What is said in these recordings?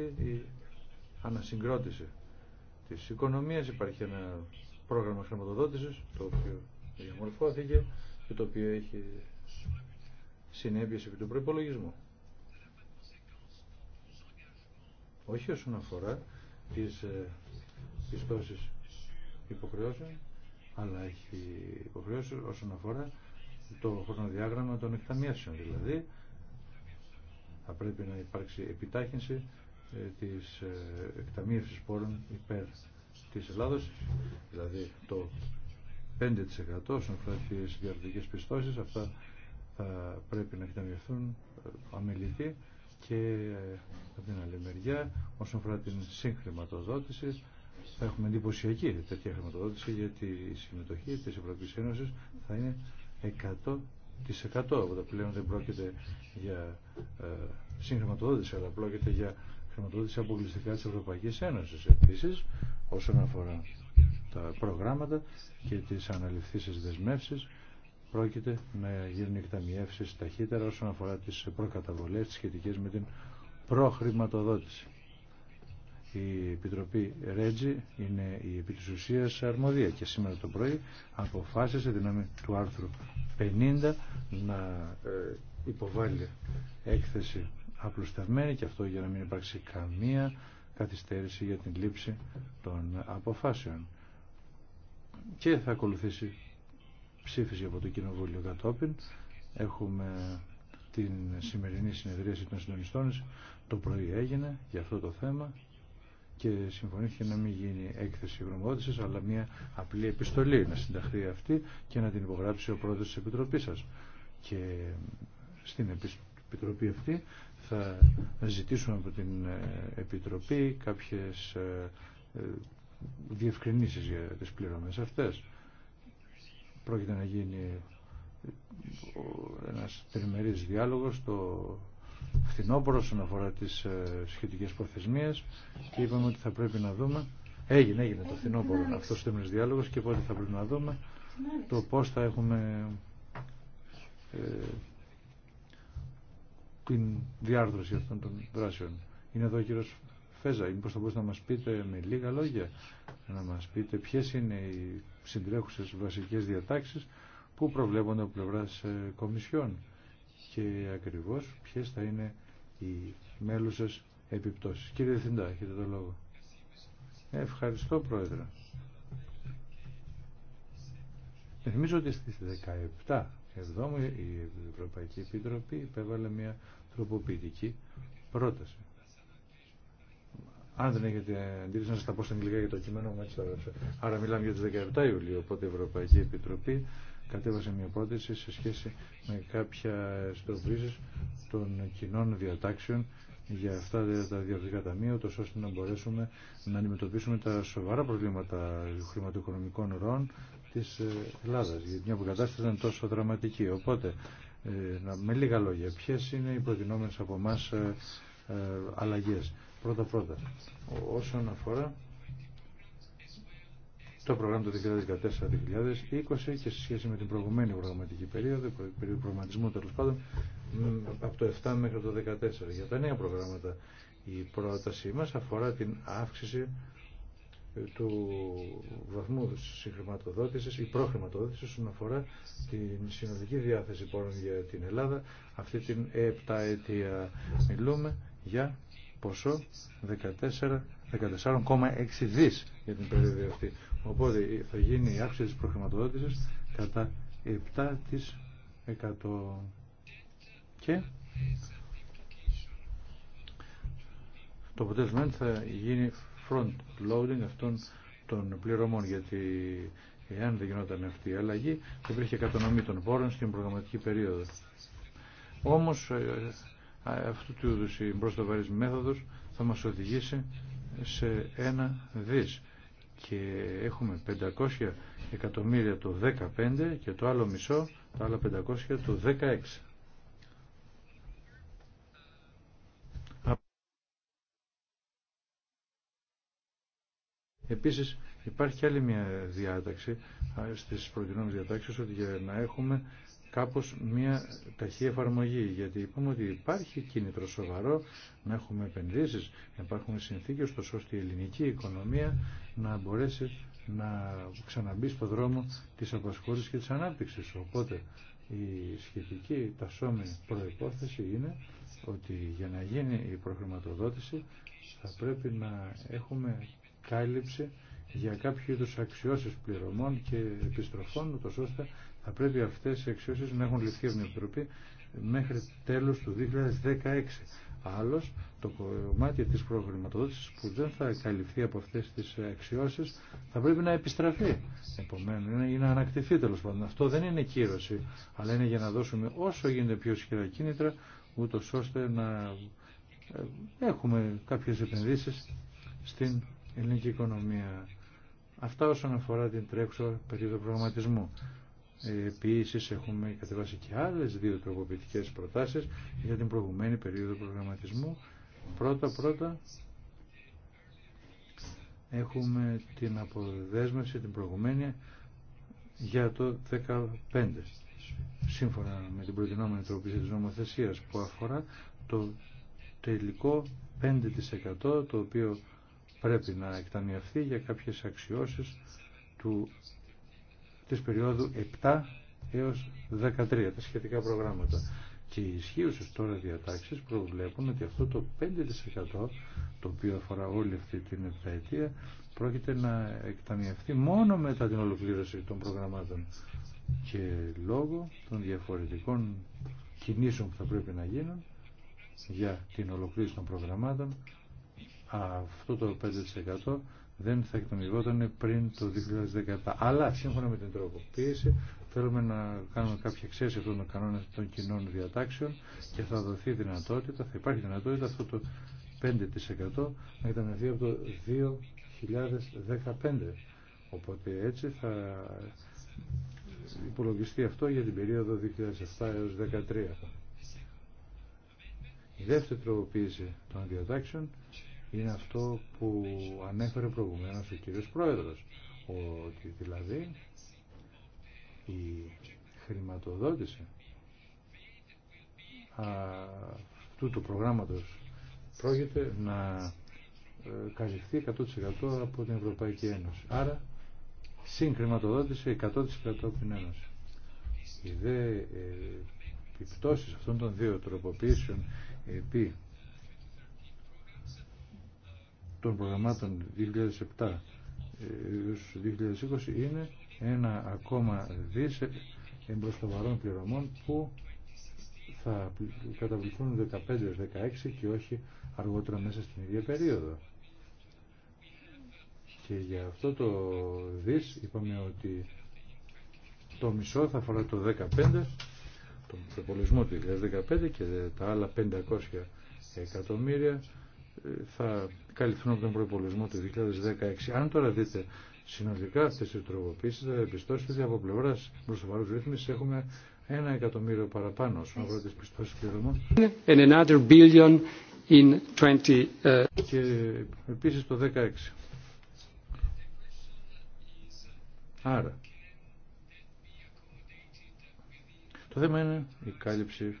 η ανασυγκρότηση τη οικονομία Υπάρχει ένα πρόγραμμα χρηματοδότηση, το οποίο διαμορφώθηκε και το οποίο έχει συνέπειε επί του προπολογισμού. Όχι όσον αφορά τις ε, πιστώσεις υποχρεώσεων, αλλά έχει υποχρεώσει όσον αφορά το χρονοδιάγραμμα των εκταμιεύσεων. Δηλαδή, θα πρέπει να υπάρξει επιτάχυνση ε, της ε, εκταμείευσης πόρων υπέρ της Ελλάδος, δηλαδή το 5% όσον αφορά τις διαρροτικές πιστώσεις, αυτά θα πρέπει να εκταμιευθούν ε, αμεληθεί και από την άλλη μεριά όσον αφορά την συγχρηματοδότηση θα έχουμε εντυπωσιακή τέτοια χρηματοδότηση γιατί η συμμετοχή της Ευρωπαϊκής Ένωσης θα είναι 100% από πλέον δεν πρόκειται για συγχρηματοδότηση αλλά πρόκειται για χρηματοδότηση αποκλειστικά της Ευρωπαϊκής Ένωσης. Επίσης, όσον αφορά τα προγράμματα και τις αναλυθήσει δεσμεύσεις, πρόκειται να γίνουν εκταμιεύσεις ταχύτερα όσον αφορά τις προκαταβολές σχετικές με την προχρηματοδότηση. Η Επιτροπή Ρέτζι είναι η επί σε αρμοδία και σήμερα το πρωί αποφάσισε δυνάμει του άρθρου 50 να ε, υποβάλει έκθεση απλουστευμένη και αυτό για να μην υπάρξει καμία καθυστέρηση για την λήψη των αποφάσεων. Και θα ακολουθήσει ψήφιση από το Κοινοβούλιο κατόπιν. Έχουμε την σημερινή συνεδρίαση των συντονιστών. Το πρωί έγινε για αυτό το θέμα και συμφωνήθηκε να μην γίνει έκθεση γνωμότηση, αλλά μια απλή επιστολή να συνταχθεί αυτή και να την υπογράψει ο πρόεδρος τη επιτροπή σα Και στην Επιτροπή αυτή θα ζητήσουμε από την ε, Επιτροπή κάποιες ε, ε, διευκρινήσεις για τις πληρωμές αυτές. Πρόκειται να γίνει ένας τριμερής διάλογος το φθινόπωρο όσον αφορά τις σχετικές προθεσμίες και είπαμε ότι θα πρέπει να δούμε έγινε, έγινε το φθινόπωρο αυτός ο τριμερής διάλογος και πότε θα πρέπει να δούμε το πώς θα έχουμε την διάρθρωση αυτών των δράσεων. Είναι εδώ ο κύριος Φέζα, μήπως θα μπορούσατε να μας πείτε με λίγα λόγια, να μας πείτε ποιες είναι οι συντρέχουσες βασικές διατάξεις που προβλέπονται από πλευρά ε, κομισιών και ακριβώς ποιες θα είναι οι μέλουσες επιπτώσεις. Κύριε Διευθυντά, έχετε το λόγο. Ευχαριστώ, Πρόεδρε. Θυμίζω ότι στις 17 εδώ η Ευρωπαϊκή Επιτροπή υπέβαλε μια τροποποιητική πρόταση. Αν δεν έχετε αντίληψη να σα τα πω στα αγγλικά για το κείμενο μου, έτσι θα Άρα μιλάμε για τι 17 Ιουλίου, οπότε η Ευρωπαϊκή Επιτροπή κατέβασε μια πρόταση σε σχέση με κάποια στροπλήσεις των κοινών διατάξεων για αυτά τα διαφορετικά ταμεία, τόσο ώστε να μπορέσουμε να αντιμετωπίσουμε τα σοβαρά προβλήματα χρηματοοικονομικών ροών της ε, Ελλάδας, γιατί μια κατάσταση ήταν τόσο δραματική. Οπότε, ε, με λίγα λόγια, ποιες είναι οι προτινόμενες από εμά ε, αλλαγές. Πρώτα-πρώτα, όσον αφορά το πρόγραμμα του 2014-2020 και σε σχέση με την προηγουμένη προγραμματική περίοδο, περίοδο προγραμματισμού τέλο πάντων, από το 7 μέχρι το 14. Για τα νέα προγράμματα η πρότασή μας αφορά την αύξηση του βαθμού συγχρηματοδότησης ή προχρηματοδότησης όσον αφορά την συνολική διάθεση πόρων για την Ελλάδα. Αυτή την 7 αιτία μιλούμε για ποσό 14,6 δις για την περίοδο αυτή. Οπότε θα γίνει η αύξηση της προχρηματοδότησης κατά 7% και το αποτέλεσμα θα γίνει front-loading αυτών των πληρωμών, γιατί εάν δεν γινόταν αυτή η αλλαγή, θα υπήρχε κατανομή των πόρων στην προγραμματική περίοδο. Όμως ε, ε, αυτού του είδους η μέθοδος θα μας οδηγήσει σε ένα δις και έχουμε 500 εκατομμύρια το 15 και το άλλο μισό, τα άλλα 500 το 16. Επίσης υπάρχει άλλη μια διάταξη στις προκεινόμενες διατάξεις ότι για να έχουμε κάπως μια ταχύ εφαρμογή γιατί είπαμε ότι υπάρχει κίνητρο σοβαρό να έχουμε επενδύσεις να υπάρχουν συνθήκες ώστε η ελληνική οικονομία να μπορέσει να ξαναμπεί στο δρόμο της απασχόλησης και της ανάπτυξης οπότε η σχετική τασόμενη προϋπόθεση είναι ότι για να γίνει η προχρηματοδότηση θα πρέπει να έχουμε για κάποιο είδου αξιώσει πληρωμών και επιστροφών, ούτω ώστε θα πρέπει αυτέ οι αξιώσει να έχουν ληφθεί από την Επιτροπή μέχρι τέλο του 2016. Άλλο, το κομμάτι τη προχρηματοδότηση που δεν θα καλυφθεί από αυτέ τι αξιώσει θα πρέπει να επιστραφεί. Επομένω, ή να ανακτηθεί τέλο πάντων. Αυτό δεν είναι κύρωση, αλλά είναι για να δώσουμε όσο γίνεται πιο ισχυρά κίνητρα, ούτω ώστε να ε, έχουμε κάποιες επενδύσεις στην ελληνική οικονομία. Αυτά όσον αφορά την τρέξω περίοδο προγραμματισμού. Επίσης έχουμε κατεβάσει και άλλες δύο τροποποιητικέ προτάσεις για την προηγουμένη περίοδο προγραμματισμού. Πρώτα-πρώτα έχουμε την αποδέσμευση την προηγουμένη για το 15 σύμφωνα με την προτινόμενη τροποποίηση της νομοθεσίας που αφορά το τελικό 5% το οποίο πρέπει να εκταμιευθεί για κάποιες αξιώσεις του, της περίοδου 7 έως 13, τα σχετικά προγράμματα. Και οι ισχύουσε τώρα διατάξεις προβλέπουν ότι αυτό το 5% το οποίο αφορά όλη αυτή την επταετία πρόκειται να εκταμιευθεί μόνο μετά την ολοκλήρωση των προγραμμάτων και λόγω των διαφορετικών κινήσεων που θα πρέπει να γίνουν για την ολοκλήρωση των προγραμμάτων αυτό το 5% δεν θα εκτομιγόταν πριν το 2017. Αλλά σύμφωνα με την τροποποίηση θέλουμε να κάνουμε κάποια εξαίρεση αυτών των κανόνων των κοινών διατάξεων και θα δοθεί δυνατότητα, θα υπάρχει δυνατότητα αυτό το 5% να εκταμιευθεί από το 2015. Οπότε έτσι θα υπολογιστεί αυτό για την περίοδο 2007 έως 2013. Η δεύτερη τροποποίηση των διατάξεων είναι αυτό που ανέφερε προηγουμένως ο κύριος Πρόεδρος, ότι δηλαδή η χρηματοδότηση αυτού του προγράμματος πρόκειται να ε, καλυφθεί 100% από την Ευρωπαϊκή Ένωση. Άρα, χρηματοδότηση 100% από την Ένωση. Οι δε ε, επιπτώσεις αυτών των δύο τροποποιήσεων επί των προγραμμάτων 2007 2020 είναι ένα ακόμα δις εμπροστοβαρών πληρωμών που θα καταβληθούν 15-16 και όχι αργότερα μέσα στην ίδια περίοδο. Και για αυτό το δις είπαμε ότι το μισό θα αφορά το 15, τον προπολισμό του 2015 και τα άλλα 500 εκατομμύρια θα καλυφθούν από τον προπολογισμό του 2016. Αν τώρα δείτε συνολικά αυτέ τι τροποποιήσει, θα διαπιστώσετε ότι από πλευρά παρόν ρύθμιση έχουμε ένα εκατομμύριο παραπάνω όσον αφορά τις πιστώσει πληρωμών. In 20... Ε, Και επίση το 16. Άρα, το θέμα είναι η κάλυψη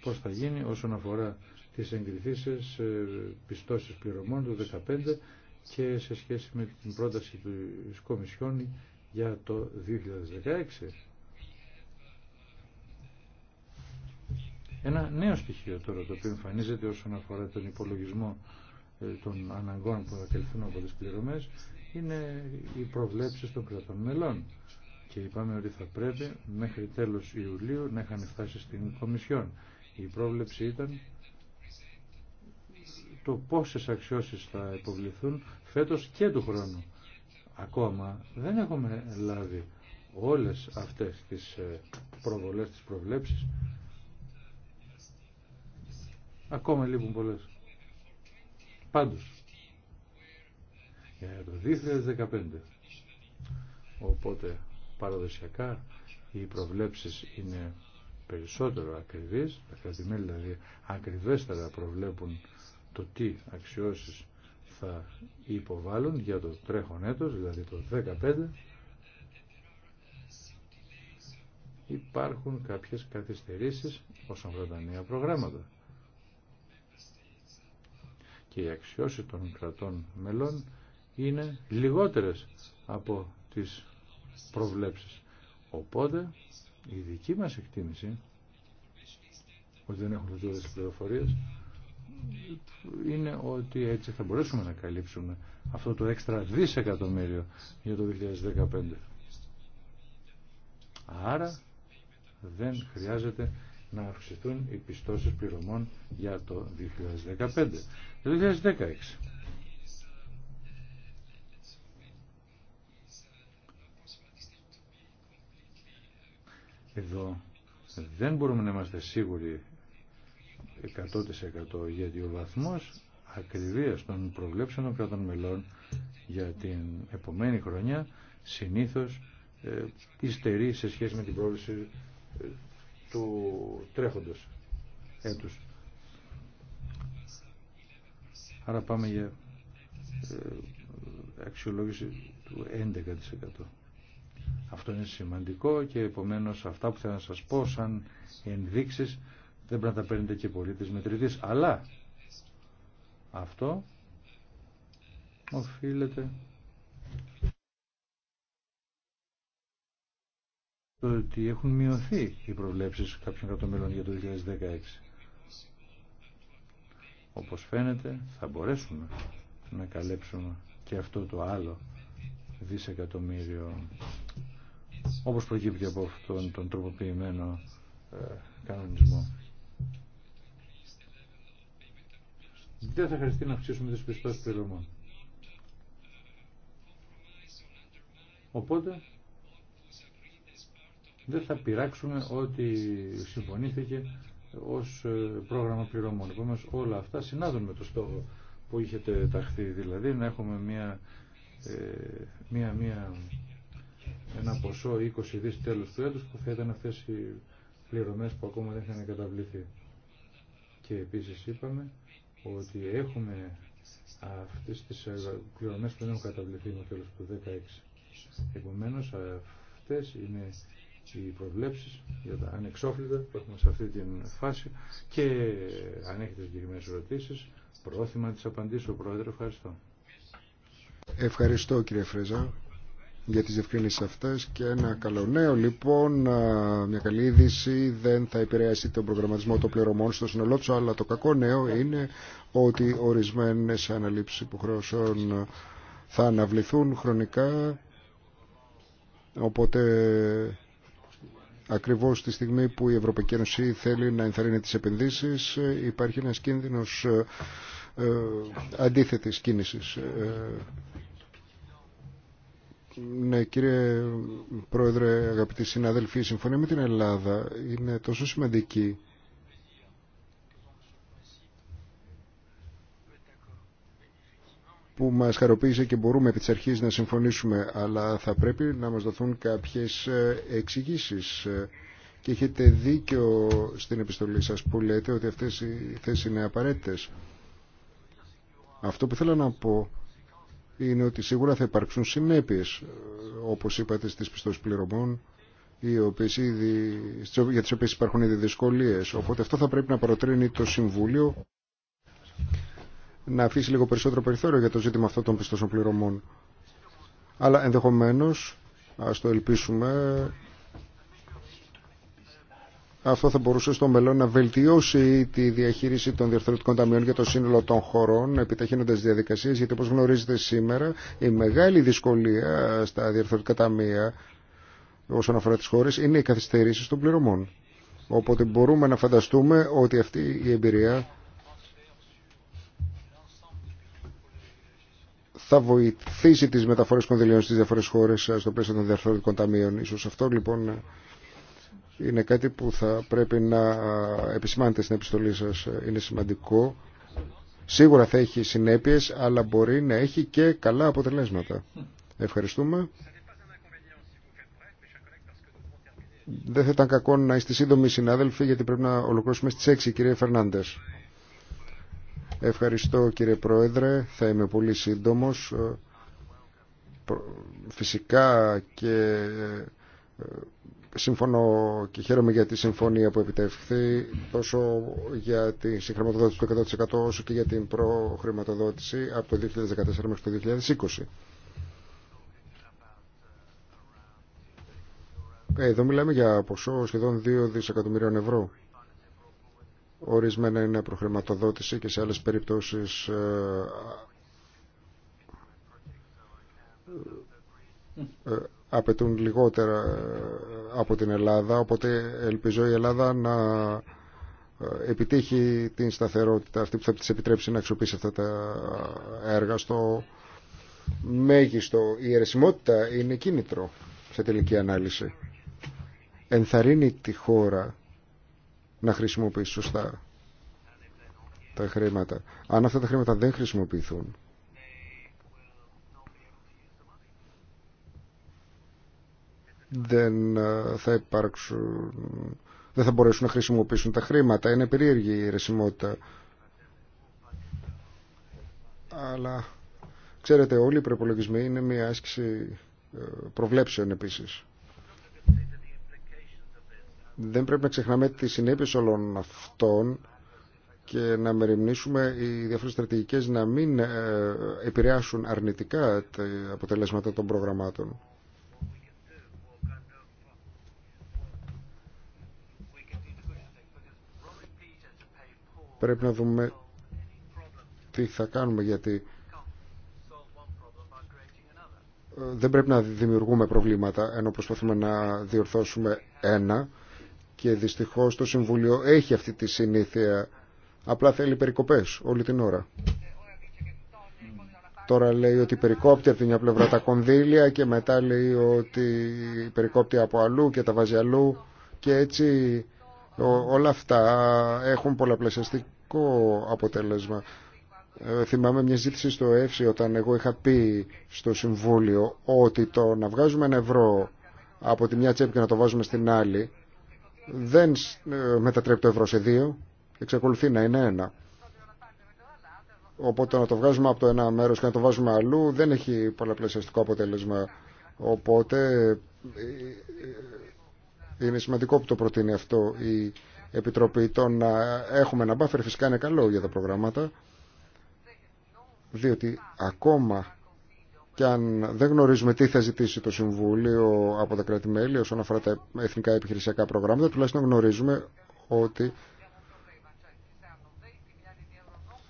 πώς θα γίνει όσον αφορά τις εγκριθήσεις ε, πιστώσεις πληρωμών του 2015 και σε σχέση με την πρόταση του Κομισιόν για το 2016. Ένα νέο στοιχείο τώρα το οποίο εμφανίζεται όσον αφορά τον υπολογισμό ε, των αναγκών που θα από τις πληρωμές είναι οι προβλέψεις των κρατών μελών και είπαμε ότι θα πρέπει μέχρι τέλος Ιουλίου να είχαν φτάσει στην Κομισιόν. Η πρόβλεψη ήταν το πόσες αξιώσεις θα υποβληθούν φέτος και του χρόνου. Ακόμα δεν έχουμε λάβει όλες αυτές τις ε, προβολές, τις προβλέψεις. Ακόμα λείπουν πολλές. Πάντως, για το 2015, οπότε παραδοσιακά οι προβλέψεις είναι περισσότερο ακριβείς, τα κρατημέλη δηλαδή ακριβέστερα προβλέπουν το τι αξιώσεις θα υποβάλουν για το τρέχον έτος, δηλαδή το 15 υπάρχουν κάποιες καθυστερήσεις όσον αφορά τα προγράμματα. Και οι αξιώσεις των κρατών μελών είναι λιγότερες από τις προβλέψεις. Οπότε η δική μας εκτίμηση ότι δεν έχουν αυτές είναι ότι έτσι θα μπορέσουμε να καλύψουμε αυτό το έξτρα δισεκατομμύριο για το 2015. Άρα δεν χρειάζεται να αυξηθούν οι πιστώσεις πληρωμών για το 2015. Το 2016. Εδώ δεν μπορούμε να είμαστε σίγουροι 100% γιατί ο βαθμός ακριβίας των προβλέψεων των κρατών μελών για την επομένη χρονιά συνήθως ε, σε σχέση με την πρόβληση ε, του τρέχοντος έτους. Άρα πάμε για ε, αξιολόγηση του 11%. Αυτό είναι σημαντικό και επομένως αυτά που θέλω να σας πω σαν ενδείξεις δεν πρέπει να τα παίρνετε και τη μετρητής. Αλλά αυτό οφείλεται το ότι έχουν μειωθεί οι προβλέψεις κάποιων κρατομέλων για το 2016. Όπως φαίνεται θα μπορέσουμε να καλέψουμε και αυτό το άλλο δισεκατομμύριο όπως προκύπτει από αυτόν τον τροποποιημένο ε, κανονισμό. δεν θα χρειαστεί να αυξήσουμε τις πιστώσεις πληρωμών. Οπότε δεν θα πειράξουμε ότι συμφωνήθηκε ως ε, πρόγραμμα πληρωμών. Επομένως όλα αυτά συνάδουν με το στόχο που είχε ταχθεί, δηλαδή να έχουμε μια, ε, μια, μια, ένα ποσό 20 δις τέλος του έτους που θα ήταν αυτές οι πληρωμές που ακόμα δεν είχαν καταβληθεί. Και επίσης είπαμε ότι έχουμε αυτές τις πληρωμές ε, που δεν έχουν καταβληθεί με τέλος του 2016. Επομένως, αυτές είναι οι προβλέψεις για τα ανεξόφλητα που έχουμε σε αυτή την φάση και αν έχετε συγκεκριμένες ερωτήσεις, πρόθυμα να τις απαντήσω, Πρόεδρε. Ευχαριστώ. Ευχαριστώ, κύριε Φρέζα για τις διευκρινήσεις αυτές και ένα καλό νέο λοιπόν, μια καλή είδηση δεν θα επηρεάσει τον προγραμματισμό των πληρωμών στο συνολό του, αλλά το κακό νέο είναι ότι ορισμένες αναλήψεις υποχρεώσεων θα αναβληθούν χρονικά οπότε ακριβώς τη στιγμή που η Ευρωπαϊκή Ένωση θέλει να ενθαρρύνει τις επενδύσεις υπάρχει ένας κίνδυνος ε, ε αντίθετης κίνησης ε, ναι, κύριε Πρόεδρε, αγαπητοί συναδελφοί, η συμφωνία με την Ελλάδα είναι τόσο σημαντική που μας χαροποίησε και μπορούμε επί της αρχής να συμφωνήσουμε, αλλά θα πρέπει να μας δοθούν κάποιες εξηγήσει. Και έχετε δίκιο στην επιστολή σας που λέτε ότι αυτές οι θέσεις είναι απαραίτητες. Αυτό που θέλω να πω είναι ότι σίγουρα θα υπάρξουν συνέπειες, όπως είπατε, στις πιστώσεις πληρωμών, για τις οποίες υπάρχουν ήδη δυσκολίες. Οπότε αυτό θα πρέπει να παροτρύνει το Συμβούλιο να αφήσει λίγο περισσότερο περιθώριο για το ζήτημα αυτό των πιστώσεων πληρωμών. Αλλά ενδεχομένως, ας το ελπίσουμε, αυτό θα μπορούσε στο μέλλον να βελτιώσει τη διαχείριση των διαρθρωτικών ταμείων για το σύνολο των χωρών, επιταχύνοντα διαδικασίε, γιατί όπω γνωρίζετε σήμερα η μεγάλη δυσκολία στα διαρθρωτικά ταμεία όσον αφορά τι χώρε, είναι οι καθυστερήσει των πληρωμών. Οπότε μπορούμε να φανταστούμε ότι αυτή η εμπειρία θα βοηθήσει τις μεταφορές κονδυλίων στις διαφορές χώρες στο πλαίσιο των διαρθρωτικών ταμείων. Ίσως αυτό λοιπόν είναι κάτι που θα πρέπει να επισημάνετε στην επιστολή σας. Είναι σημαντικό. Σίγουρα θα έχει συνέπειες, αλλά μπορεί να έχει και καλά αποτελέσματα. Ευχαριστούμε. Δεν θα ήταν κακό να είστε σύντομοι συνάδελφοι, γιατί πρέπει να ολοκληρώσουμε στις 6, κύριε Φερνάντες. Ευχαριστώ, κύριε Πρόεδρε. Θα είμαι πολύ σύντομος. Ε, φυσικά και ε, Συμφωνώ και χαίρομαι για τη συμφωνία που επιτεύχθη τόσο για τη συγχρηματοδότηση του 100% όσο και για την προχρηματοδότηση από το 2014 μέχρι το 2020. Ε, εδώ μιλάμε για ποσό σχεδόν 2 δισεκατομμυρίων ευρώ. Ορισμένα είναι προχρηματοδότηση και σε άλλες περιπτώσεις ε, ε, απαιτούν λιγότερα ε, από την Ελλάδα, οπότε ελπίζω η Ελλάδα να ε, επιτύχει την σταθερότητα αυτή που θα της επιτρέψει να αξιοποιήσει αυτά τα έργα στο μέγιστο. Η αιρεσιμότητα είναι κίνητρο σε τελική ανάλυση. Ενθαρρύνει τη χώρα να χρησιμοποιήσει σωστά τα χρήματα. Αν αυτά τα χρήματα δεν χρησιμοποιηθούν, δεν ε, θα υπάρξουν δεν θα μπορέσουν να χρησιμοποιήσουν τα χρήματα. Είναι περίεργη η ρεσιμότητα. Αλλά ξέρετε όλοι οι προπολογισμοί είναι μια άσκηση ε, προβλέψεων επίσης. Δεν πρέπει να ξεχνάμε τις συνέπειες όλων αυτών και να μεριμνήσουμε οι διάφορες στρατηγικές να μην ε, επηρεάσουν αρνητικά τα αποτελέσματα των προγραμμάτων. Πρέπει να δούμε τι θα κάνουμε γιατί ε, δεν πρέπει να δημιουργούμε προβλήματα ενώ προσπαθούμε να διορθώσουμε ένα και δυστυχώς το Συμβουλίο έχει αυτή τη συνήθεια απλά θέλει περικοπές όλη την ώρα. Τώρα λέει ότι περικόπτει από την μια πλευρά τα κονδύλια και μετά λέει ότι περικόπτει από αλλού και τα βάζει αλλού και έτσι όλα αυτά έχουν πολλαπλασιαστικό αποτέλεσμα. Ε, θυμάμαι μια ζήτηση στο ΕΦΣΙ όταν εγώ είχα πει στο Συμβούλιο ότι το να βγάζουμε ένα ευρώ από τη μια τσέπη και να το βάζουμε στην άλλη δεν ε, μετατρέπει το ευρώ σε δύο, εξακολουθεί να είναι ένα. Οπότε να το βγάζουμε από το ένα μέρος και να το βάζουμε αλλού δεν έχει πολλαπλασιαστικό αποτέλεσμα. Οπότε ε, είναι σημαντικό που το προτείνει αυτό η Επιτροπή. Το να έχουμε ένα buffer φυσικά είναι καλό για τα προγράμματα, διότι ακόμα και αν δεν γνωρίζουμε τι θα ζητήσει το Συμβούλιο από τα κράτη-μέλη όσον αφορά τα εθνικά επιχειρησιακά προγράμματα, τουλάχιστον γνωρίζουμε ότι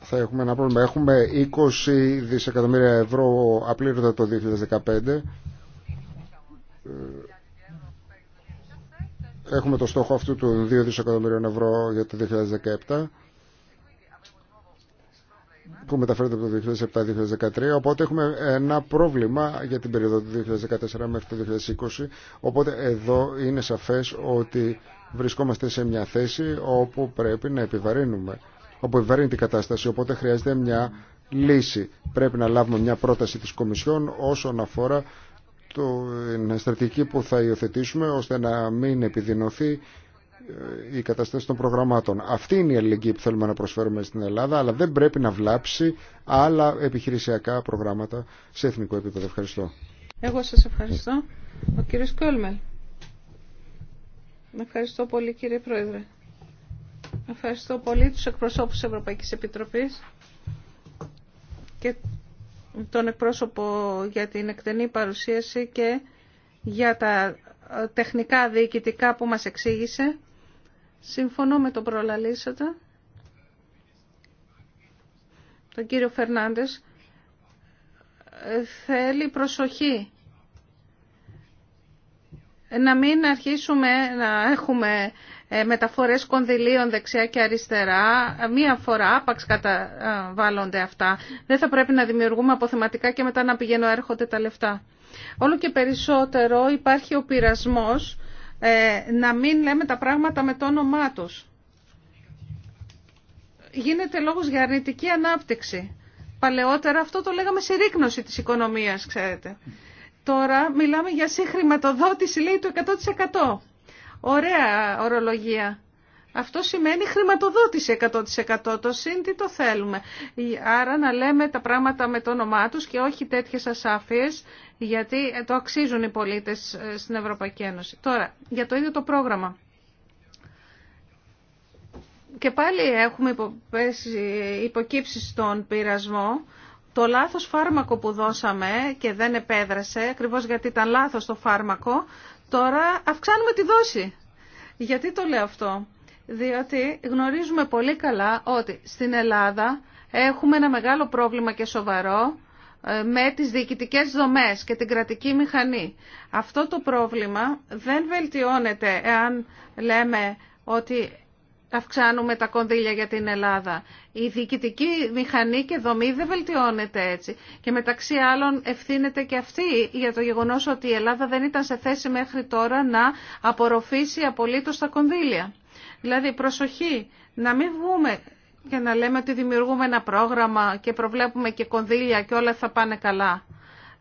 θα έχουμε ένα πρόβλημα. Έχουμε 20 δισεκατομμύρια ευρώ απλήρωτα το 2015 Έχουμε το στόχο αυτού του 2 δισεκατομμυρίων ευρώ για το 2017 που μεταφέρεται από το 2007-2013 οπότε έχουμε ένα πρόβλημα για την περίοδο του 2014 μέχρι το 2020 οπότε εδώ είναι σαφές ότι βρισκόμαστε σε μια θέση όπου πρέπει να επιβαρύνουμε όπου επιβαρύνει την κατάσταση οπότε χρειάζεται μια λύση πρέπει να λάβουμε μια πρόταση της Κομισιόν όσον αφορά την στρατηγική που θα υιοθετήσουμε ώστε να μην επιδεινωθεί ε, η καταστάση των προγραμμάτων. Αυτή είναι η αλληλεγγύη που θέλουμε να προσφέρουμε στην Ελλάδα, αλλά δεν πρέπει να βλάψει άλλα επιχειρησιακά προγράμματα σε εθνικό επίπεδο. Ευχαριστώ. Εγώ σας ευχαριστώ. Ο κύριος Κόλμελ. Ευχαριστώ πολύ κύριε Πρόεδρε. Ευχαριστώ πολύ τους εκπροσώπους της Ευρωπαϊκής Επιτροπής και τον εκπρόσωπο για την εκτενή παρουσίαση και για τα τεχνικά διοικητικά που μας εξήγησε. Συμφωνώ με τον προλαλήσατε τον κύριο Φερνάντες. Θέλει προσοχή. Να μην αρχίσουμε να έχουμε ε, μεταφορές κονδυλίων δεξιά και αριστερά. Ε, μία φορά άπαξ καταβάλλονται αυτά. Δεν θα πρέπει να δημιουργούμε αποθεματικά και μετά να πηγαίνω έρχονται τα λεφτά. Όλο και περισσότερο υπάρχει ο πειρασμός ε, να μην λέμε τα πράγματα με το όνομά τους. Γίνεται λόγος για αρνητική ανάπτυξη. Παλαιότερα αυτό το λέγαμε σε ρίκνωση της οικονομίας, ξέρετε. Τώρα μιλάμε για συγχρηματοδότηση, λέει, του 100%. Ωραία ορολογία. Αυτό σημαίνει χρηματοδότηση 100%. Το συν τι το θέλουμε. Άρα να λέμε τα πράγματα με το όνομά τους και όχι τέτοιες ασάφειες γιατί το αξίζουν οι πολίτες ε, στην Ευρωπαϊκή Ένωση. Τώρα, για το ίδιο το πρόγραμμα. Και πάλι έχουμε υποκύψει στον πειρασμό. Το λάθος φάρμακο που δώσαμε και δεν επέδρασε, ακριβώς γιατί ήταν λάθος το φάρμακο, τώρα αυξάνουμε τη δόση. Γιατί το λέω αυτό. Διότι γνωρίζουμε πολύ καλά ότι στην Ελλάδα έχουμε ένα μεγάλο πρόβλημα και σοβαρό ε, με τις διοικητικές δομές και την κρατική μηχανή. Αυτό το πρόβλημα δεν βελτιώνεται εάν λέμε ότι αυξάνουμε τα κονδύλια για την Ελλάδα. Η διοικητική μηχανή και δομή δεν βελτιώνεται έτσι. Και μεταξύ άλλων ευθύνεται και αυτή για το γεγονός ότι η Ελλάδα δεν ήταν σε θέση μέχρι τώρα να απορροφήσει απολύτως τα κονδύλια. Δηλαδή προσοχή να μην βγούμε και να λέμε ότι δημιουργούμε ένα πρόγραμμα και προβλέπουμε και κονδύλια και όλα θα πάνε καλά.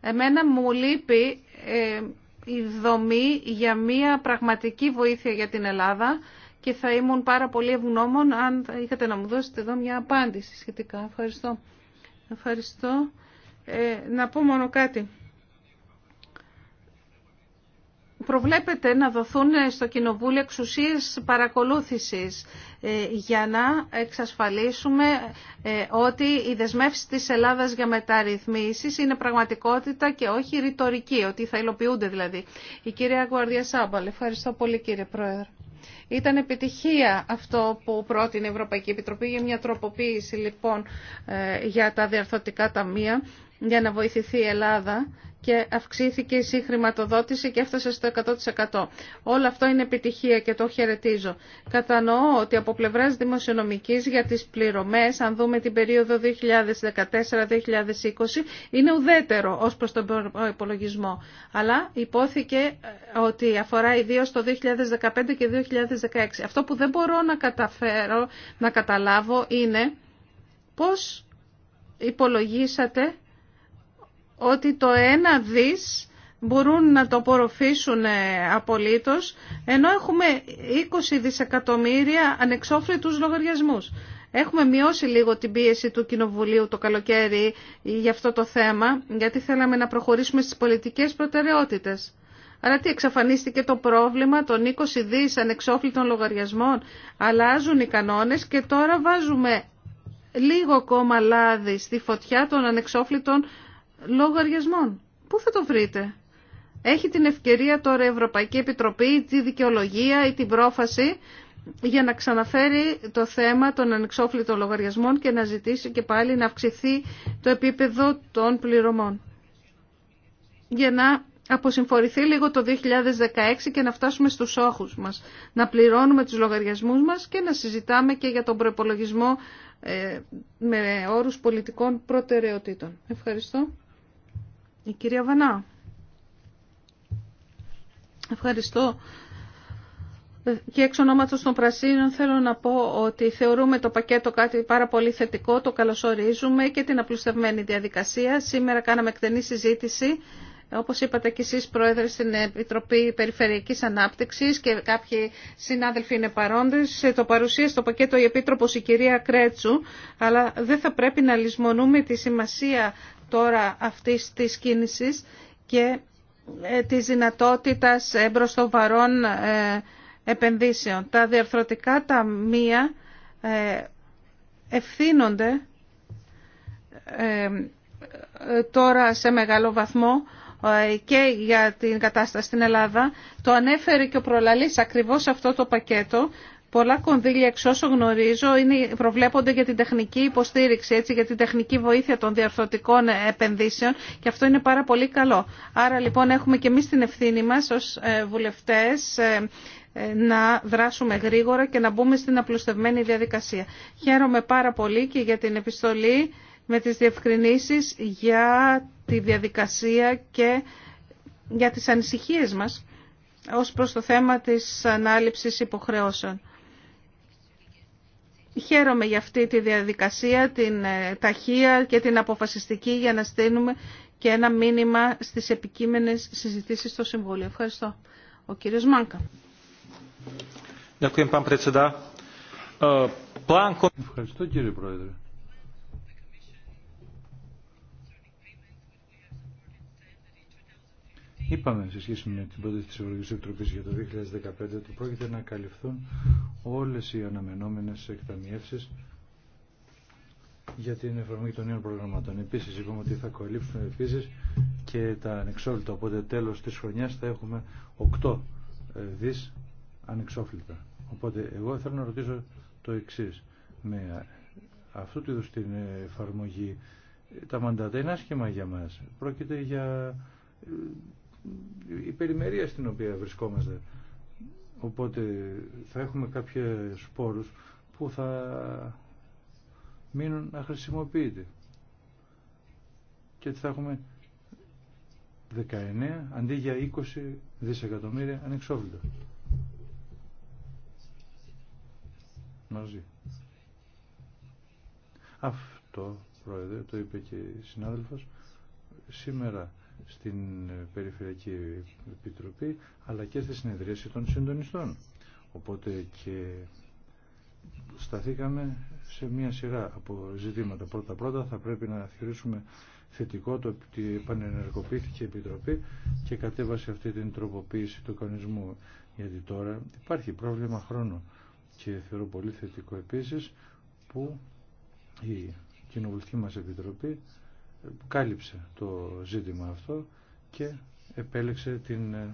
Εμένα μου λείπει ε, η δομή για μια πραγματική βοήθεια για την Ελλάδα και θα ήμουν πάρα πολύ ευγνώμων αν είχατε να μου δώσετε εδώ μια απάντηση σχετικά. Ευχαριστώ. Ευχαριστώ. Ε, να πω μόνο κάτι. Προβλέπετε να δοθούν στο Κοινοβούλιο εξουσίες παρακολούθησης ε, για να εξασφαλίσουμε ε, ότι η δεσμεύση της Ελλάδας για μεταρρυθμίσεις είναι πραγματικότητα και όχι ρητορική, ότι θα υλοποιούνται δηλαδή. Η κυρία Γουαρδία Σάμπαλ. Ευχαριστώ πολύ κύριε Πρόεδρε. Ήταν επιτυχία αυτό που πρότεινε η Ευρωπαϊκή Επιτροπή για μια τροποποίηση λοιπόν ε, για τα διαρθωτικά ταμεία για να βοηθηθεί η Ελλάδα και αυξήθηκε η συγχρηματοδότηση και έφτασε στο 100%. Όλο αυτό είναι επιτυχία και το χαιρετίζω. Κατανοώ ότι από πλευρά δημοσιονομικής για τις πληρωμές, αν δούμε την περίοδο 2014-2020, είναι ουδέτερο ως προς τον υπολογισμό. Αλλά υπόθηκε ε, ότι αφορά ιδίω το 2015 και 2016. Αυτό που δεν μπορώ να καταφέρω να καταλάβω είναι πώ υπολογίσατε ότι το ένα δις μπορούν να το απορροφήσουν ε, απολύτως, ενώ έχουμε 20 δισεκατομμύρια ανεξόφλητους λογαριασμούς. Έχουμε μειώσει λίγο την πίεση του Κοινοβουλίου το καλοκαίρι για αυτό το θέμα, γιατί θέλαμε να προχωρήσουμε στις πολιτικές προτεραιότητες. Άρα τι εξαφανίστηκε το πρόβλημα των 20 δις ανεξόφλητων λογαριασμών. Αλλάζουν οι κανόνες και τώρα βάζουμε λίγο ακόμα λάδι στη φωτιά των ανεξόφλητων λογαριασμών. Πού θα το βρείτε. Έχει την ευκαιρία τώρα η Ευρωπαϊκή Επιτροπή, τη δικαιολογία ή την πρόφαση για να ξαναφέρει το θέμα των ανεξόφλητων λογαριασμών και να ζητήσει και πάλι να αυξηθεί το επίπεδο των πληρωμών. Για να αποσυμφορηθεί λίγο το 2016 και να φτάσουμε στους όχους μας. Να πληρώνουμε τους λογαριασμούς μας και να συζητάμε και για τον προπολογισμό ε, με όρους πολιτικών προτεραιοτήτων. Ευχαριστώ. Η κυρία Βανά. Ευχαριστώ. Και εξ ονόματος των Πρασίνων θέλω να πω ότι θεωρούμε το πακέτο κάτι πάρα πολύ θετικό, το καλωσορίζουμε και την απλουστευμένη διαδικασία. Σήμερα κάναμε εκτενή συζήτηση, όπως είπατε και εσείς Πρόεδρε στην Επιτροπή Περιφερειακής Ανάπτυξης και κάποιοι συνάδελφοι είναι παρόντες. Το παρουσίασε στο πακέτο η Επίτροπος η κυρία Κρέτσου, αλλά δεν θα πρέπει να λησμονούμε τη σημασία τώρα αυτής της κίνησης και ε, της δυνατότητας προς το παρόν ε, επενδύσεων. Τα διαρθρωτικά ταμεία ε, ευθύνονται τώρα σε μεγάλο βαθμό και για την κατάσταση στην Ελλάδα. Το ανέφερε και ο Προλαλής ακριβώς αυτό το πακέτο Πολλά κονδύλια, εξ όσο γνωρίζω, είναι, προβλέπονται για την τεχνική υποστήριξη, έτσι, για την τεχνική βοήθεια των διαρθρωτικών επενδύσεων και αυτό είναι πάρα πολύ καλό. Άρα λοιπόν έχουμε και εμείς την ευθύνη μας ως ε, βουλευτές ε, ε, να δράσουμε γρήγορα και να μπούμε στην απλουστευμένη διαδικασία. Χαίρομαι πάρα πολύ και για την επιστολή με τις διευκρινήσεις για τη διαδικασία και για τις ανησυχίες μας ως προς το θέμα της ανάληψης υποχρεώσεων. Χαίρομαι για αυτή τη διαδικασία, την ε, ταχεία και την αποφασιστική για να στείλουμε και ένα μήνυμα στις επικείμενες συζητήσεις στο Συμβούλιο. Ευχαριστώ. Ο κύριος Μάνκα. Ευχαριστώ κύριε Πρόεδρε. Είπαμε σε σχέση με την πρόταση της Ευρωπαϊκή Επιτροπής για το 2015 ότι πρόκειται να καλυφθούν όλες οι αναμενόμενες εκταμιεύσεις για την εφαρμογή των νέων προγραμμάτων. Επίσης είπαμε ότι θα κολύψουν επίσης και τα ανεξόφλητα, οπότε τέλος της χρονιάς θα έχουμε 8 ε, δις ανεξόφλητα. Οπότε εγώ θέλω να ρωτήσω το εξή. Με αυτού του είδους την εφαρμογή ε, τα μαντάτα είναι άσχημα για μας. Πρόκειται για ε, η περιμερία στην οποία βρισκόμαστε. Οπότε θα έχουμε κάποιες σπόρους που θα μείνουν να χρησιμοποιείται. Και έτσι θα έχουμε 19 αντί για 20 δισεκατομμύρια ανεξόφλητα. Μαζί. Αυτό, Πρόεδρε, το είπε και η συνάδελφος, σήμερα στην ε, Περιφερειακή Επιτροπή αλλά και στη συνεδρίαση των συντονιστών. Οπότε και σταθήκαμε σε μια σειρά από ζητήματα. Πρώτα-πρώτα θα πρέπει να θεωρήσουμε θετικό το ότι επανενεργοποιήθηκε η Επιτροπή και κατέβασε αυτή την τροποποίηση του κανονισμού. Γιατί τώρα υπάρχει πρόβλημα χρόνου και θεωρώ πολύ θετικό επίσης που η Κοινοβουλική μας Επιτροπή κάλυψε το ζήτημα αυτό και επέλεξε την ε,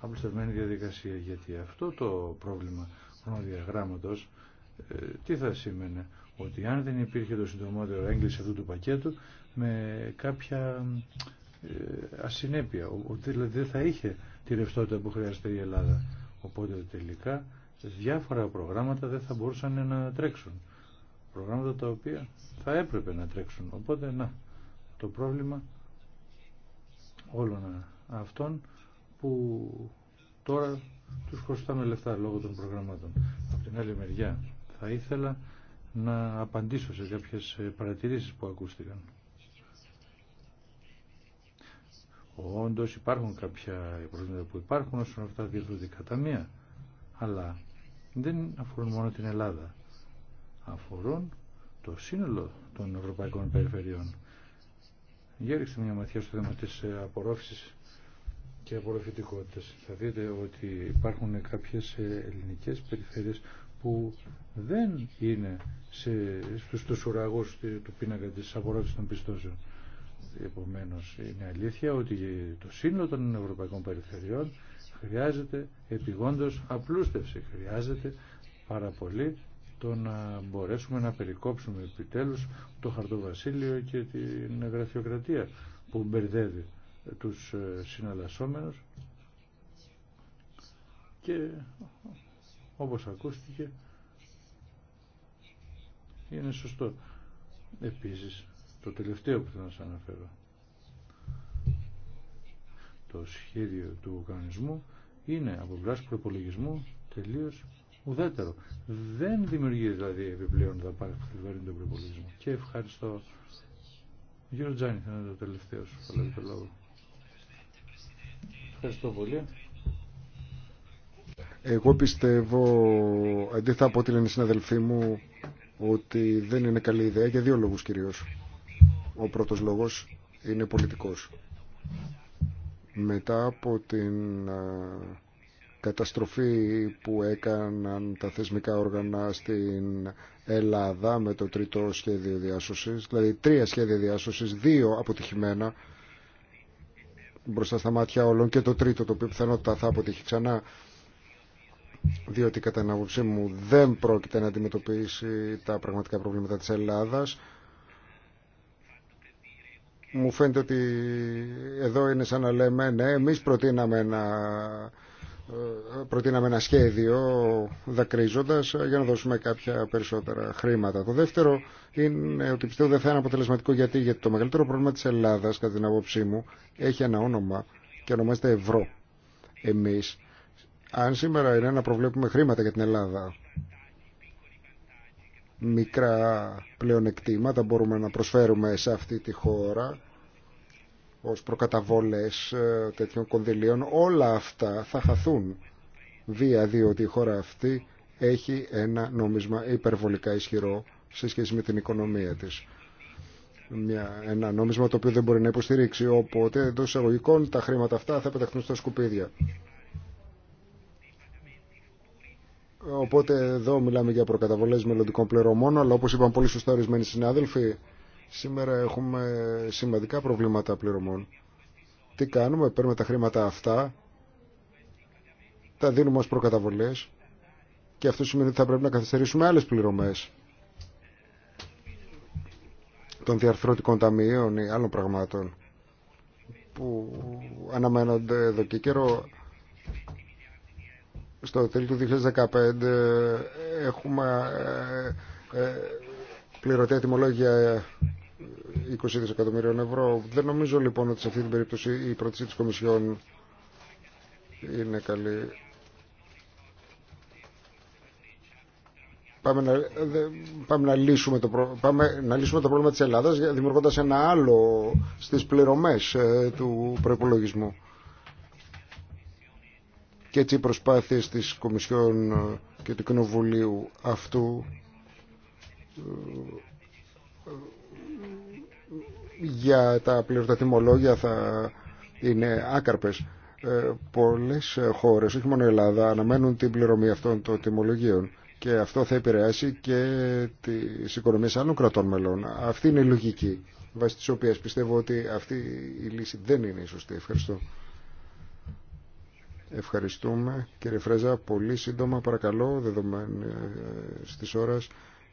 απλουστευμένη διαδικασία γιατί αυτό το πρόβλημα χρονοδιαγράμματος ε, τι θα σήμαινε ότι αν δεν υπήρχε το συντομότερο έγκληση αυτού του πακέτου με κάποια ε, ασυνέπεια ότι δηλαδή δεν θα είχε τη ρευστότητα που χρειάζεται η Ελλάδα οπότε τελικά διάφορα προγράμματα δεν θα μπορούσαν να τρέξουν προγράμματα τα οποία θα έπρεπε να τρέξουν οπότε να το πρόβλημα όλων αυτών που τώρα τους χρωστάμε λεφτά λόγω των προγραμμάτων. Από την άλλη μεριά θα ήθελα να απαντήσω σε κάποιες παρατηρήσεις που ακούστηκαν. Όντω υπάρχουν κάποια προβλήματα που υπάρχουν όσον αυτά κατά μία. αλλά δεν αφορούν μόνο την Ελλάδα. Αφορούν το σύνολο των ευρωπαϊκών περιφερειών. Για ρίξτε μια ματιά στο θέμα της ε, απορρόφησης και απορροφητικότητας. Θα δείτε ότι υπάρχουν κάποιες ε, ελληνικές περιφέρειες που δεν είναι σε, στους, στους ουραγούς του πίνακα της απορρόφησης των πιστώσεων. Επομένως, είναι αλήθεια ότι το σύνολο των ευρωπαϊκών περιφερειών χρειάζεται επιγόντως απλούστευση. Χρειάζεται πάρα το να μπορέσουμε να περικόψουμε επιτέλους το χαρτοβασίλειο και την γραφειοκρατία που μπερδεύει τους ε, συναλλασσόμενους και όπως ακούστηκε είναι σωστό επίσης το τελευταίο που θα αναφέρω το σχέδιο του οργανισμού είναι από πλάση προπολογισμού τελείως ουδέτερο. Δεν δημιουργεί δηλαδή επιπλέον δαπάνη που επιβαρύνει τον Και ευχαριστώ. γύρω Τζάνι θα είναι το τελευταίο σου, το λόγο. Ευχαριστώ πολύ. Εγώ πιστεύω, αντίθετα από ό,τι λένε οι συναδελφοί μου, ότι δεν είναι καλή ιδέα για δύο λόγους κυρίως. Ο πρώτος λόγος είναι πολιτικός. Μετά από την καταστροφή που έκαναν τα θεσμικά όργανα στην Ελλάδα με το τρίτο σχέδιο διάσωσης, δηλαδή τρία σχέδια διάσωσης, δύο αποτυχημένα μπροστά στα μάτια όλων και το τρίτο το οποίο πιθανότητα θα αποτύχει ξανά διότι κατά την μου δεν πρόκειται να αντιμετωπίσει τα πραγματικά προβλήματα της Ελλάδας μου φαίνεται ότι εδώ είναι σαν να λέμε ναι εμείς προτείναμε να προτείναμε ένα σχέδιο δακρύζοντας ε, για να δώσουμε κάποια περισσότερα χρήματα. Το δεύτερο είναι ότι πιστεύω δεν θα είναι αποτελεσματικό γιατί, γιατί το μεγαλύτερο πρόβλημα της Ελλάδας, κατά την άποψή μου, έχει ένα όνομα και ονομάζεται ευρώ. Εμείς, αν σήμερα είναι να προβλέπουμε χρήματα για την Ελλάδα, μικρά πλεονεκτήματα μπορούμε να προσφέρουμε σε αυτή τη χώρα ως προκαταβόλες ε, τέτοιων κονδυλίων, όλα αυτά θα χαθούν βία διότι η χώρα αυτή έχει ένα νόμισμα υπερβολικά ισχυρό σε σχέση με την οικονομία της. Μια, ένα νόμισμα το οποίο δεν μπορεί να υποστηρίξει, οπότε εντό εισαγωγικών τα χρήματα αυτά θα πεταχθούν στα σκουπίδια. Οπότε εδώ μιλάμε για προκαταβολές μελλοντικών πληρωμών, αλλά όπως είπαν πολύ σωστά ορισμένοι συνάδελφοι, Σήμερα έχουμε σημαντικά προβλήματα πληρωμών. Τι κάνουμε, παίρνουμε τα χρήματα αυτά, τα δίνουμε ως προκαταβολές και αυτό σημαίνει ότι θα πρέπει να καθυστερήσουμε άλλες πληρωμές των διαρθρωτικών ταμείων ή άλλων πραγμάτων που αναμένονται εδώ και καιρό. Στο τέλος του 2015 έχουμε ε, ε, πληρωτή ετοιμολόγια 20 δισεκατομμυρίων ευρώ. Δεν νομίζω λοιπόν ότι σε αυτή την περίπτωση η πρόταση της Κομισιόν είναι καλή. Πάμε να, πάμε να, λύσουμε, το πάμε να λύσουμε το πρόβλημα της Ελλάδας δημιουργώντας ένα άλλο στις πληρωμές ε, του προϋπολογισμού. Και έτσι οι προσπάθειες της Κομισιόν ε, και του Κοινοβουλίου αυτού ε, για τα τιμολόγια θα είναι άκαρπες. Ε, πολλές χώρες, όχι μόνο η Ελλάδα, αναμένουν την πληρωμή αυτών των τιμολογίων και αυτό θα επηρεάσει και τις οικονομίες άλλων κρατών μελών. Αυτή είναι η λογική βάσει της οποίας πιστεύω ότι αυτή η λύση δεν είναι η σωστή. Ευχαριστώ. Ευχαριστούμε. Κύριε Φρέζα, πολύ σύντομα παρακαλώ, δεδομένη της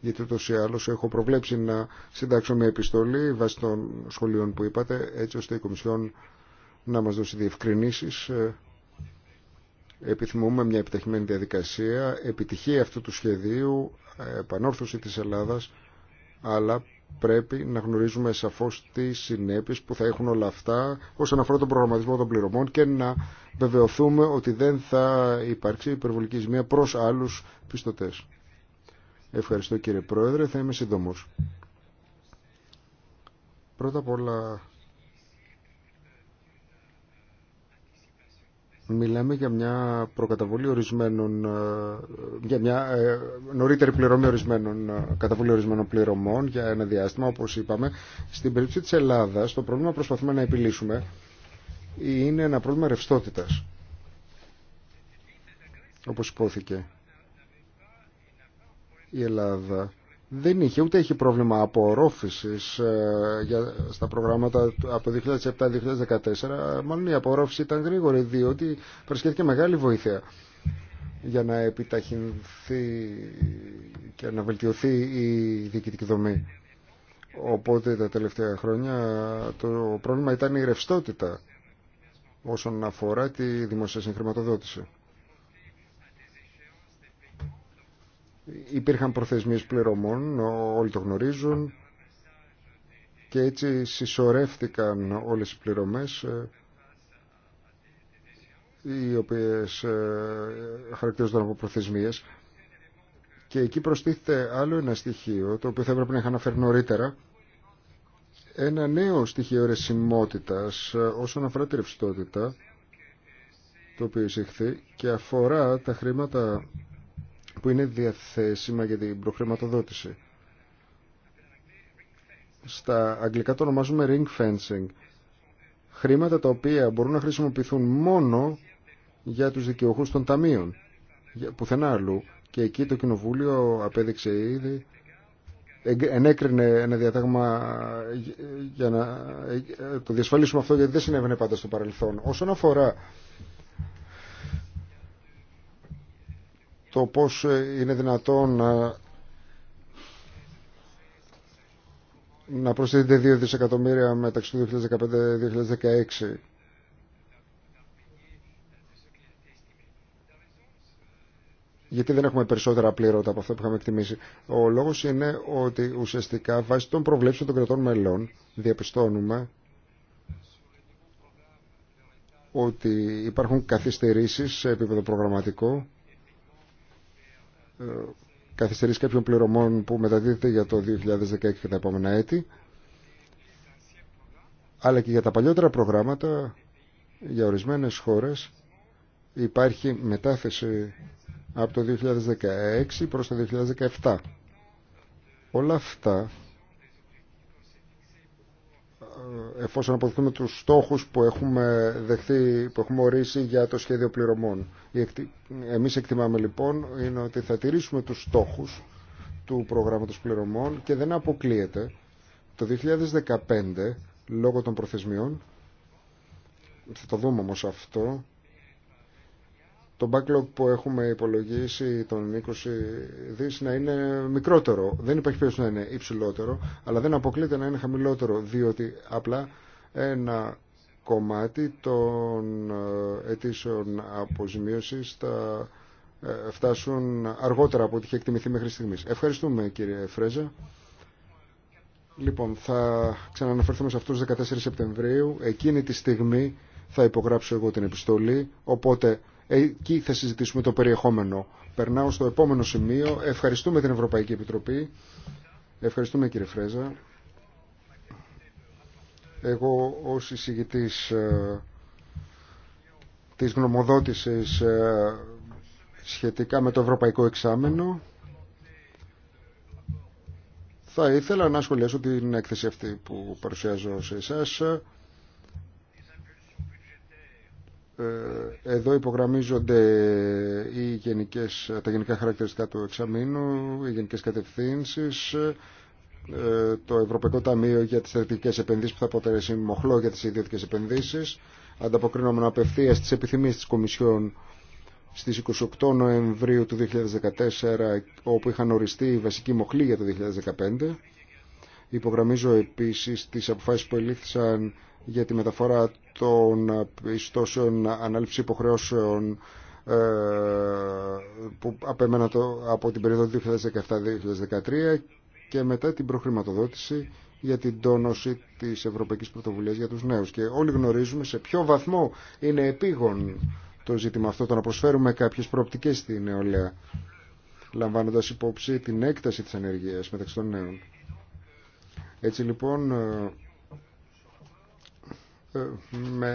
γιατί ούτως ή άλλως έχω προβλέψει να συντάξω μια επιστολή βάσει των σχολείων που είπατε, έτσι ώστε η Κομισιόν να μας δώσει διευκρινήσεις. Ε, επιθυμούμε μια επιταχυμένη διαδικασία, επιτυχία αυτού του σχεδίου, ε, επανόρθωση της Ελλάδας, αλλά πρέπει να γνωρίζουμε σαφώς τι συνέπειες που θα έχουν όλα αυτά όσον αφορά τον προγραμματισμό των πληρωμών και να βεβαιωθούμε ότι δεν θα υπάρξει υπερβολική ζημία προς άλλους πιστωτές. Ευχαριστώ κύριε Πρόεδρε, θα είμαι σύντομος. Πρώτα απ' όλα μιλάμε για μια προκαταβολή ορισμένων, ε, για μια ε, νωρίτερη πληρωμή ορισμένων, ε, καταβολή ορισμένων πληρωμών για ένα διάστημα, όπως είπαμε. Στην περίπτωση της Ελλάδας, το πρόβλημα που προσπαθούμε να επιλύσουμε είναι ένα πρόβλημα ρευστότητας, όπως υπόθηκε η Ελλάδα δεν είχε ούτε έχει πρόβλημα απορρόφησης ε, για, στα προγράμματα από 2007-2014. Μάλλον η απορρόφηση ήταν γρήγορη διότι προσχέθηκε μεγάλη βοήθεια για να επιταχυνθεί και να βελτιωθεί η διοικητική δομή. Οπότε τα τελευταία χρόνια το πρόβλημα ήταν η ρευστότητα όσον αφορά τη δημοσία χρηματοδότηση. Υπήρχαν προθεσμίες πληρωμών, όλοι το γνωρίζουν και έτσι συσσωρεύτηκαν όλες οι πληρωμές ε, οι οποίες ε, χαρακτηρίζονταν από προθεσμίες και εκεί προστίθεται άλλο ένα στοιχείο το οποίο θα έπρεπε να είχα αναφέρει νωρίτερα ένα νέο στοιχείο ρεσιμότητας ε, όσον αφορά τη ρευστότητα το οποίο εισηχθεί και αφορά τα χρήματα που είναι διαθέσιμα για την προχρηματοδότηση. Στα αγγλικά το ονομάζουμε ring fencing. Χρήματα τα οποία μπορούν να χρησιμοποιηθούν μόνο για τους δικαιοχούς των ταμείων, πουθενά αλλού. Και εκεί το Κοινοβούλιο απέδειξε ήδη, ενέκρινε ένα διατάγμα για να το διασφαλίσουμε αυτό, γιατί δεν συνέβαινε πάντα στο παρελθόν. Όσον αφορά το πώς ε, είναι δυνατόν ε, να, να προσθέτεται 2 δισεκατομμύρια μεταξύ του 2015-2016. Γιατί δεν έχουμε περισσότερα πλήρωτα από αυτό που είχαμε εκτιμήσει. Ο λόγος είναι ότι ουσιαστικά βάσει των προβλέψεων των κρατών μελών διαπιστώνουμε ότι υπάρχουν καθυστερήσεις σε επίπεδο προγραμματικό ε, καθυστερήσει κάποιων πληρωμών που μεταδίδεται για το 2016 και τα επόμενα έτη αλλά και για τα παλιότερα προγράμματα για ορισμένες χώρες υπάρχει μετάθεση από το 2016 προς το 2017. Όλα αυτά ε, εφόσον αποδεχτούμε τους στόχους που έχουμε, δεχθεί, που έχουμε ορίσει για το σχέδιο πληρωμών. Εμείς εκτιμάμε λοιπόν είναι ότι θα τηρήσουμε τους στόχους του προγράμματος πληρωμών και δεν αποκλείεται το 2015 λόγω των προθεσμιών θα το δούμε όμως αυτό το backlog που έχουμε υπολογίσει των 20 δις να είναι μικρότερο. Δεν υπάρχει περίπτωση να είναι υψηλότερο, αλλά δεν αποκλείται να είναι χαμηλότερο, διότι απλά ένα κομμάτι των ε, αιτήσεων αποζημίωσης θα ε, φτάσουν αργότερα από ό,τι είχε εκτιμηθεί μέχρι στιγμής. Ευχαριστούμε κύριε Φρέζα. Λοιπόν, θα ξαναναφερθούμε σε αυτούς 14 Σεπτεμβρίου. Εκείνη τη στιγμή θα υπογράψω εγώ την επιστολή, οπότε Εκεί θα συζητήσουμε το περιεχόμενο. Περνάω στο επόμενο σημείο. Ευχαριστούμε την Ευρωπαϊκή Επιτροπή. Ευχαριστούμε κύριε Φρέζα. Εγώ ως εισηγητής ε, της γνωμοδότησης ε, σχετικά με το Ευρωπαϊκό Εξάμενο θα ήθελα να σχολιάσω την έκθεση αυτή που παρουσιάζω σε εσάς ε, εδώ υπογραμμίζονται οι γενικές, τα γενικά χαρακτηριστικά του εξαμήνου, οι γενικές κατευθύνσεις, ε, το Ευρωπαϊκό Ταμείο για τις Στρατηγικές Επενδύσεις που θα αποτελέσει μοχλό για τις ιδιωτικές επενδύσεις, ανταποκρινόμενο απευθείας στις επιθυμίες της Κομισιόν στις 28 Νοεμβρίου του 2014, όπου είχαν οριστεί οι βασικοί μοχλοί για το 2015. Υπογραμμίζω επίσης τις αποφάσεις που ελήφθησαν για τη μεταφορά των ιστοσεων ανάληψη υποχρεώσεων ε, που απέμενα από την περίοδο 2017-2013 και μετά την προχρηματοδότηση για την τόνωση της Ευρωπαϊκής Πρωτοβουλίας για τους νέους. Και όλοι γνωρίζουμε σε ποιο βαθμό είναι επίγον το ζήτημα αυτό, το να προσφέρουμε κάποιες προοπτικές στη νεολαία, λαμβάνοντας υπόψη την έκταση της ανεργίας μεταξύ των νέων. Έτσι λοιπόν ε, ε, με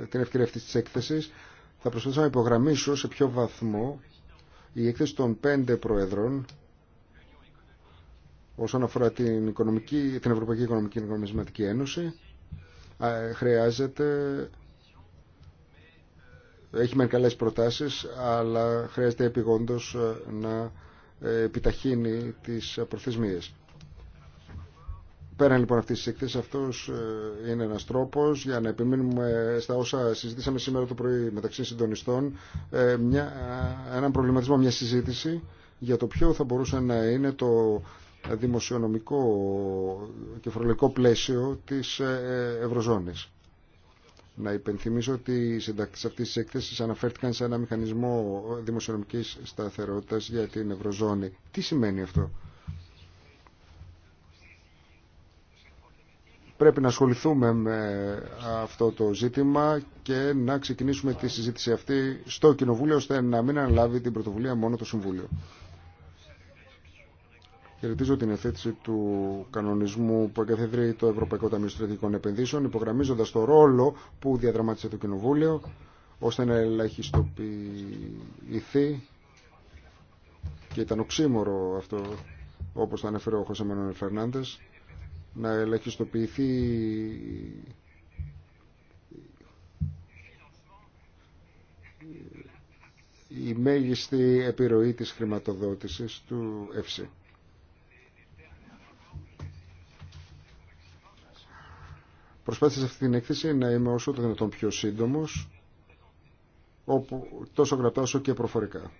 ε, την ευκαιρία αυτής της έκθεσης θα προσπαθήσω να υπογραμμίσω σε ποιο βαθμό η έκθεση των πέντε προέδρων όσον αφορά την, οικονομική, Ευρωπαϊκή Οικονομική και Νομισματική Ένωση χρειάζεται έχει μεν καλές προτάσεις αλλά χρειάζεται επιγόντως ε, να επιταχύνει τις προθεσμίες. Πέραν λοιπόν αυτή τη εκθέση, αυτό ε, είναι ένα τρόπο για να επιμείνουμε στα όσα συζητήσαμε σήμερα το πρωί μεταξύ συντονιστών. Ε, μια, έναν προβληματισμό, μια συζήτηση για το ποιο θα μπορούσε να είναι το δημοσιονομικό και φορολογικό πλαίσιο της ε, Ευρωζώνης. Να υπενθυμίσω ότι οι συντακτέ αυτή τη έκθεσης αναφέρθηκαν σε ένα μηχανισμό δημοσιονομική σταθερότητα για την Ευρωζώνη. Τι σημαίνει αυτό. πρέπει να ασχοληθούμε με αυτό το ζήτημα και να ξεκινήσουμε τη συζήτηση αυτή στο Κοινοβούλιο ώστε να μην αναλάβει την πρωτοβουλία μόνο το Συμβούλιο. Χαιρετίζω την εθέτηση του κανονισμού που εγκαθιδρύει το Ευρωπαϊκό Ταμείο Στρατηγικών Επενδύσεων, υπογραμμίζοντας το ρόλο που διαδραμάτισε το Κοινοβούλιο, ώστε να ελαχιστοποιηθεί και ήταν οξύμορο αυτό, όπως το ανέφερε ο Χωσέ Μανώνε Φερνάντες, να ελαχιστοποιηθεί η μέγιστη επιρροή της χρηματοδότησης του ΕΦΣΥ. Προσπάθησα σε αυτή την έκθεση να είμαι όσο το δυνατόν πιο σύντομος, όπου, τόσο γραπτά όσο και προφορικά.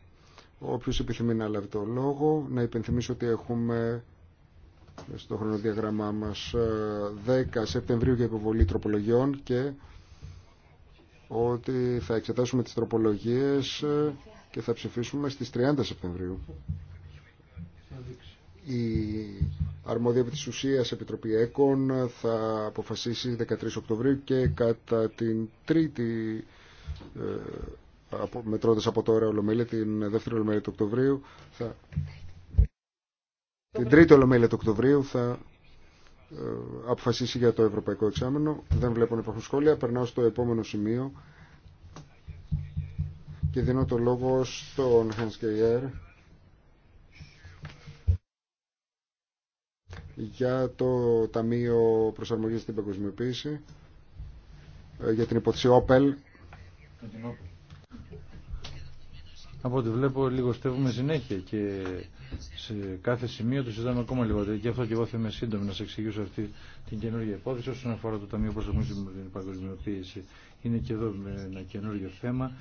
Όποιος επιθυμεί να λάβει το λόγο, να υπενθυμίσω ότι έχουμε στο χρονοδιαγραμμά μας 10 ε, Σεπτεμβρίου για υποβολή τροπολογιών και ότι θα εξετάσουμε τις τροπολογίες ε, και θα ψηφίσουμε στις 30 Σεπτεμβρίου. Η αρμόδια της ουσίας Επιτροπή ΕΚΟΝ θα αποφασίσει 13 Οκτωβρίου και κατά την τρίτη ε, μετρώντας από τώρα ολομέλεια, την δεύτερη ολομέλεια του Οκτωβρίου θα την τρίτη ολομέλεια του Οκτωβρίου θα ε, αποφασίσει για το Ευρωπαϊκό Εξάμενο. Δεν βλέπω να υπάρχουν σχόλια. Περνάω στο επόμενο σημείο και δίνω το λόγο στον Hans για το Ταμείο Προσαρμογής στην Παγκοσμιοποίηση ε, για την υπόθεση Opel από ό,τι βλέπω λιγοστεύουμε συνέχεια και σε κάθε σημείο το συζητάμε ακόμα λιγότερο. Και αυτό και εγώ θα είμαι να σα εξηγήσω αυτή την καινούργια υπόθεση όσον αφορά το Ταμείο με την Παγκοσμιοποίηση. Είναι και εδώ ένα καινούργιο θέμα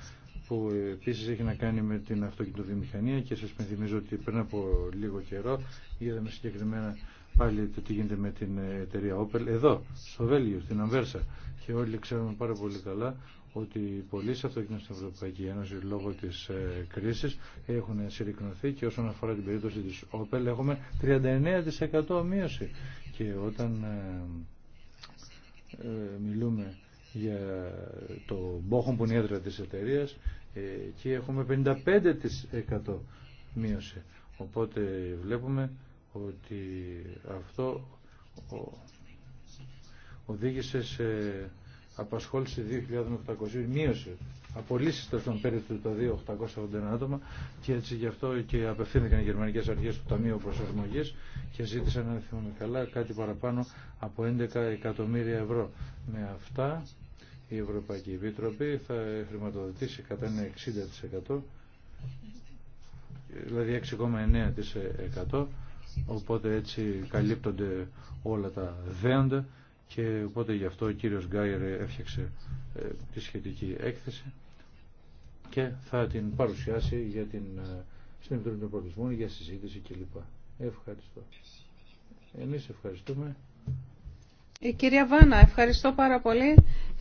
που επίση έχει να κάνει με την αυτοκινητοβιομηχανία και σα πενθυμίζω ότι πριν από λίγο καιρό είδαμε συγκεκριμένα πάλι το τι γίνεται με την ε, εταιρεία Opel εδώ, στο Βέλγιο, στην Αμβέρσα. Και όλοι ξέρουμε πάρα πολύ καλά ότι οι το και στην Ευρωπαϊκή Ένωση λόγω τη ε, κρίση έχουν συρρυκνωθεί και όσον αφορά την περίπτωση τη Opel έχουμε 39% μείωση. Και όταν ε, μιλούμε για το μπόχον που είναι η έδρα της εταιρείας εκεί έχουμε 55% μείωση. Οπότε βλέπουμε ότι αυτό οδήγησε σε απασχόληση 2.800, μείωση απολύσεις των περίπου τα 2.881 άτομα και έτσι γι' αυτό και απευθύνθηκαν οι γερμανικές αρχές του Ταμείου Προσαρμογής και ζήτησαν, αν θυμάμαι καλά, κάτι παραπάνω από 11 εκατομμύρια ευρώ. Με αυτά η Ευρωπαϊκή Επιτροπή θα χρηματοδοτήσει κατά ένα 60% δηλαδή 6,9% οπότε έτσι καλύπτονται όλα τα δέοντα και οπότε γι' αυτό ο κύριος Γκάιερ έφτιαξε ε, τη σχετική έκθεση και θα την παρουσιάσει για την ε, στην Επιτροπή των για συζήτηση κλπ. Ευχαριστώ. Εμείς ευχαριστούμε. Η ε, κυρία Βάνα, ευχαριστώ πάρα πολύ.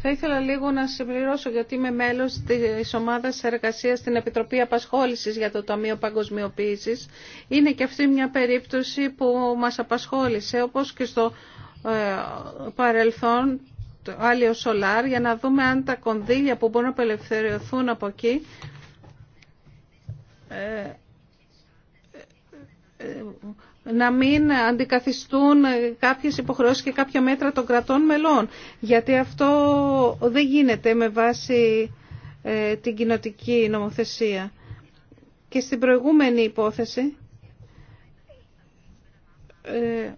Θα ήθελα λίγο να συμπληρώσω γιατί είμαι μέλος της ομάδας εργασίας στην Επιτροπή Απασχόλησης για το Ταμείο παγκοσμιοποίηση. Είναι και αυτή μια περίπτωση που μας απασχόλησε όπως και στο ε, παρελθόν το Άλιο Σολάρ για να δούμε αν τα κονδύλια που μπορούν να απελευθερωθούν από εκεί ε, να μην αντικαθιστούν κάποιες υποχρεώσεις και κάποια μέτρα των κρατών μελών. Γιατί αυτό δεν γίνεται με βάση ε, την κοινοτική νομοθεσία. Και στην προηγούμενη υπόθεση ε,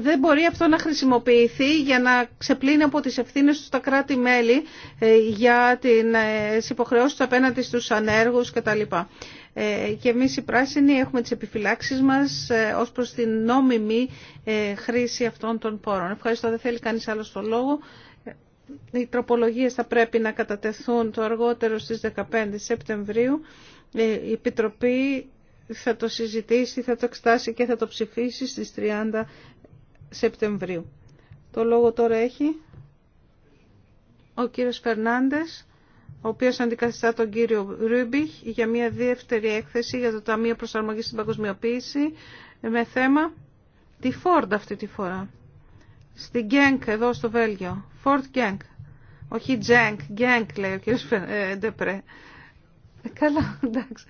δεν μπορεί αυτό να χρησιμοποιηθεί για να ξεπλύνει από τις ευθύνες του τα κράτη-μέλη ε, για τις υποχρεώσεις του απέναντι στους ανέργους κτλ. Ε, και εμείς οι πράσινοι έχουμε τις επιφυλάξεις μας ε, ως προς την νόμιμη ε, χρήση αυτών των πόρων. Ευχαριστώ. Δεν θέλει κανείς άλλο το λόγο. Οι τροπολογίες θα πρέπει να κατατεθούν το αργότερο στις 15 Σεπτεμβρίου. Η Επιτροπή θα το συζητήσει, θα το εξτάσει και θα το ψηφίσει στις 30 Σεπτεμβρίου. Το λόγο τώρα έχει ο κύριος Φερνάντες ο οποίο αντικαθιστά τον κύριο Ρούμπιχ για μια δεύτερη έκθεση για το Ταμείο Προσαρμογής στην Παγκοσμιοποίηση με θέμα τη Ford αυτή τη φορά. Στην Γκένκ εδώ στο Βέλγιο. Ford Γκένκ. Όχι Τζένκ, Γκένκ λέει ο κύριο ε, Ντεπρέ. Ε, καλά, εντάξει.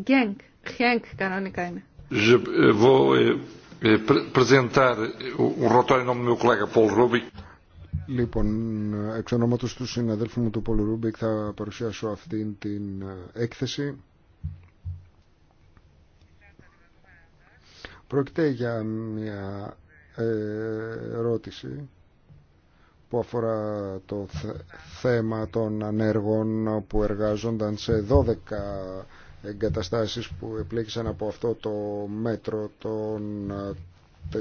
Γκένκ, ε, Χένκ κανονικά είναι. Je vou apresentar o relatório em nome do meu Rubik. Λοιπόν, εξ ονόματος του συναδέλφου μου του Πολουρούμπικ θα παρουσιάσω αυτήν την ε, έκθεση. Πρόκειται για μια ερώτηση που αφορά το θέμα των ανέργων που εργάζονταν σε 12 εγκαταστάσεις που επλέξαν από αυτό το μέτρο των ε, 4.881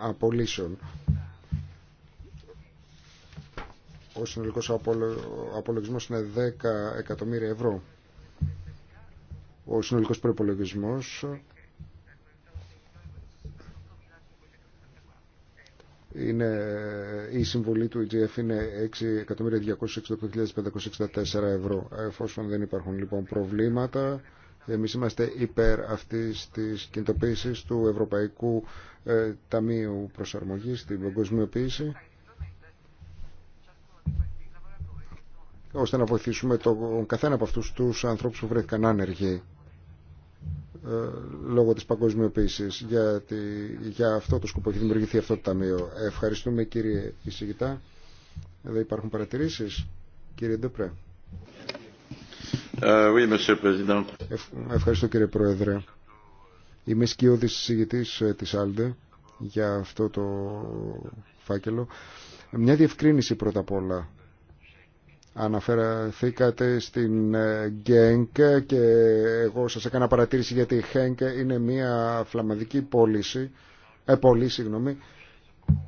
απολύσεων. Ο συνολικός απολογισμός είναι 10 εκατομμύρια ευρώ. Ο συνολικός προϋπολογισμός είναι, η συμβολή του EGF είναι 6.268.564 ευρώ. Εφόσον δεν υπάρχουν λοιπόν προβλήματα, εμείς είμαστε υπέρ αυτής της κινητοποίησης του Ευρωπαϊκού ε, Ταμείου Προσαρμογής την παγκοσμιοποίηση ώστε να βοηθήσουμε τον καθένα από αυτούς τους ανθρώπους που βρέθηκαν άνεργοι ε, λόγω της παγκοσμιοποίησης για, τη, για αυτό το σκοπό έχει δημιουργηθεί αυτό το ταμείο. Ευχαριστούμε κύριε Ισηγητά. Εδώ υπάρχουν παρατηρήσεις. Κύριε Ντεπρέ. Ε, ευχαριστώ κύριε Πρόεδρε. Είμαι σκιώδης συζητητής ε, της Άλντε για αυτό το φάκελο. Μια διευκρίνηση πρώτα απ' όλα. Αναφερθήκατε στην Γκένκ ε, και εγώ σας έκανα παρατήρηση γιατί η Χένκ είναι μια φλαμαδική πώληση, ε, πόλη, συγγνώμη,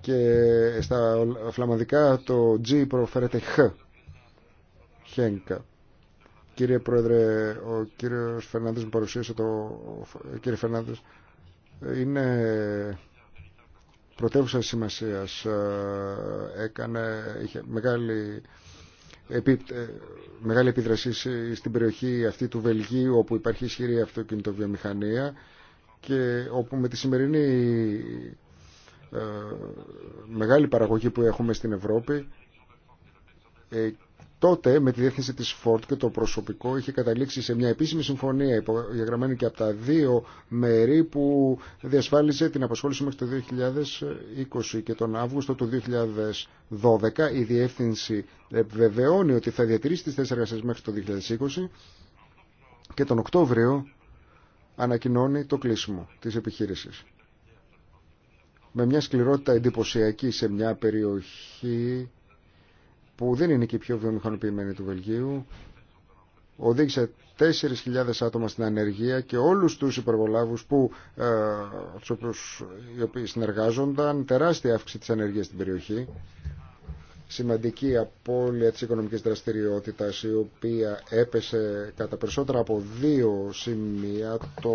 και στα φλαμαδικά το G προφέρεται Χ, Χένκα. Κύριε Πρόεδρε, ο κύριος Φερνάνδης μου παρουσίασε το... Κύριε Φερνάνδης, είναι πρωτεύουσα σημασίας. Ε, έκανε, είχε μεγάλη, επί, ε, μεγάλη επίδραση στην περιοχή αυτή του Βελγίου όπου υπάρχει ισχυρή αυτοκινητοβιομηχανία και όπου με τη σημερινή ε, μεγάλη παραγωγή που έχουμε στην Ευρώπη Τότε με τη διεύθυνση της ΦΟΡΤ και το προσωπικό είχε καταλήξει σε μια επίσημη συμφωνία υπογεγραμμένη και από τα δύο μέρη που διασφάλιζε την απασχόληση μέχρι το 2020 και τον Αύγουστο του 2012 η διεύθυνση βεβαιώνει ότι θα διατηρήσει τις θέσεις μέχρι το 2020 και τον Οκτώβριο ανακοινώνει το κλείσιμο της επιχείρησης. Με μια σκληρότητα εντυπωσιακή σε μια περιοχή που δεν είναι και η πιο βιομηχανοποιημένη του Βελγίου, οδήγησε 4.000 άτομα στην ανεργία και όλους τους υπεργολάβους που, ε, τους οποίους, οι οποίοι συνεργάζονταν, τεράστια αύξηση της ανεργίας στην περιοχή, σημαντική απώλεια της οικονομικής δραστηριότητας η οποία έπεσε κατά περισσότερα από δύο σημεία το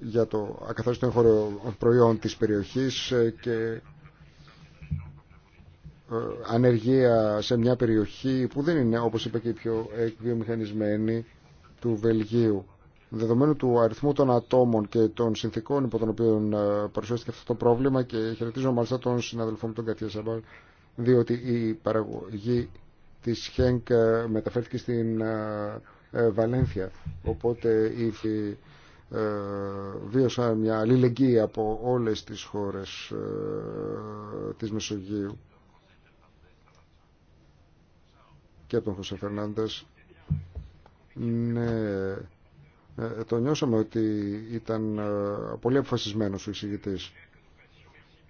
για το ακαθάριστο εγχώριο προϊόν της περιοχής ε, και ε, ανεργία σε μια περιοχή που δεν είναι, όπως είπε και η πιο εκβιομηχανισμένη του Βελγίου. Δεδομένου του αριθμού των ατόμων και των συνθήκων υπό τον οποίο ε, παρουσιάστηκε αυτό το πρόβλημα και χαιρετίζω μάλιστα τον συναδελφό μου τον Κατία Σαμπάλ, διότι η παραγωγή της ΧΕΝΚ ε, μεταφέρθηκε στην Βαλένθια. Οπότε ήδη βίωσα μια αλληλεγγύη από όλες τις χώρες της Μεσογείου και τον Χωσέ Φερνάντες ναι, ε, ε, το νιώσαμε ότι ήταν ε, πολύ αποφασισμένος ο εισηγητής.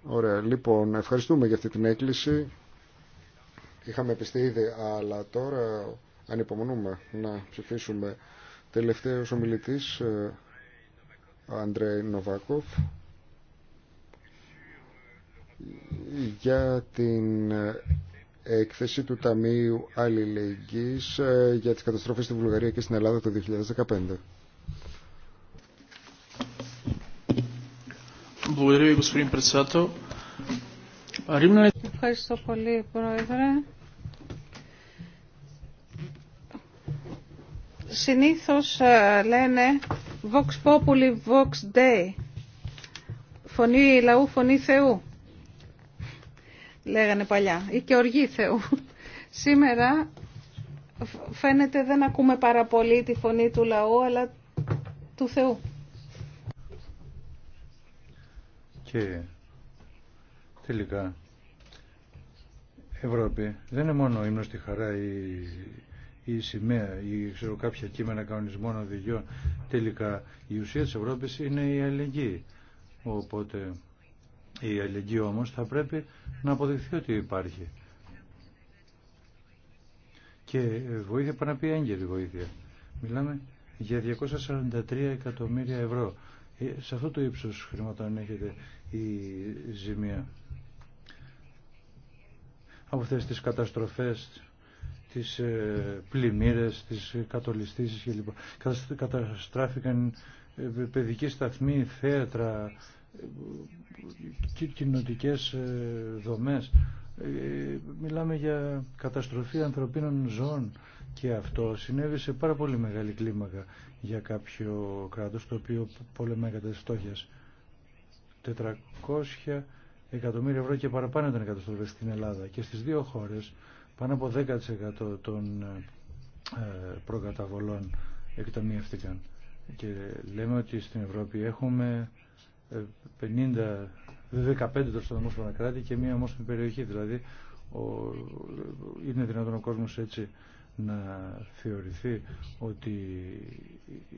Ωραία, λοιπόν, ευχαριστούμε για αυτή την έκκληση. Είχαμε πιστεί ήδη, αλλά τώρα ανυπομονούμε να ψηφίσουμε. Τελευταίος ομιλητής, Αντρέι Νοβάκοφ, για την έκθεση του Ταμείου Αλληλεγγύης ε, για τις καταστροφές στη Βουλγαρία και στην Ελλάδα το 2015. Ευχαριστώ πολύ, Πρόεδρε. Συνήθως ε, λένε Vox Populi, Vox Dei. Φωνή λαού, φωνή Θεού λέγανε παλιά, ή και οργή Θεού. Σήμερα φαίνεται δεν ακούμε πάρα πολύ τη φωνή του λαού, αλλά του Θεού. Και τελικά, Ευρώπη δεν είναι μόνο ύμνος στη χαρά ή η σημαία ή ξέρω κάποια κείμενα κανονισμών οδηγιών τελικά η ουσία της Ευρώπης είναι η αλληλεγγύη οπότε η αλληλεγγύη όμως θα πρέπει να αποδειχθεί ότι υπάρχει. Και βοήθεια πάνω να πει έγκαιρη βοήθεια. Μιλάμε για 243 εκατομμύρια ευρώ. Ε, σε αυτό το ύψος έχετε η ζημία. Από αυτές τις καταστροφές, τις ε, πλημμύρες, τις κατολιστήσεις κλπ. Καταστράφηκαν ε, παιδικοί σταθμοί, θέατρα, κοινωτικές ε, δομές. Ε, μιλάμε για καταστροφή ανθρωπίνων ζώων και αυτό συνέβη σε πάρα πολύ μεγάλη κλίμακα για κάποιο κράτος το οποίο πολεμάει κατά της 400 εκατομμύρια ευρώ και παραπάνω ήταν καταστροφές στην Ελλάδα και στις δύο χώρες πάνω από 10% των ε, προκαταβολών εκταμιεύτηκαν. Και λέμε ότι στην Ευρώπη έχουμε 50, 15 δραστοδομόσφαινα κράτη και μία ομόσπονη περιοχή. Δηλαδή ο, είναι δυνατόν ο κόσμος έτσι να θεωρηθεί ότι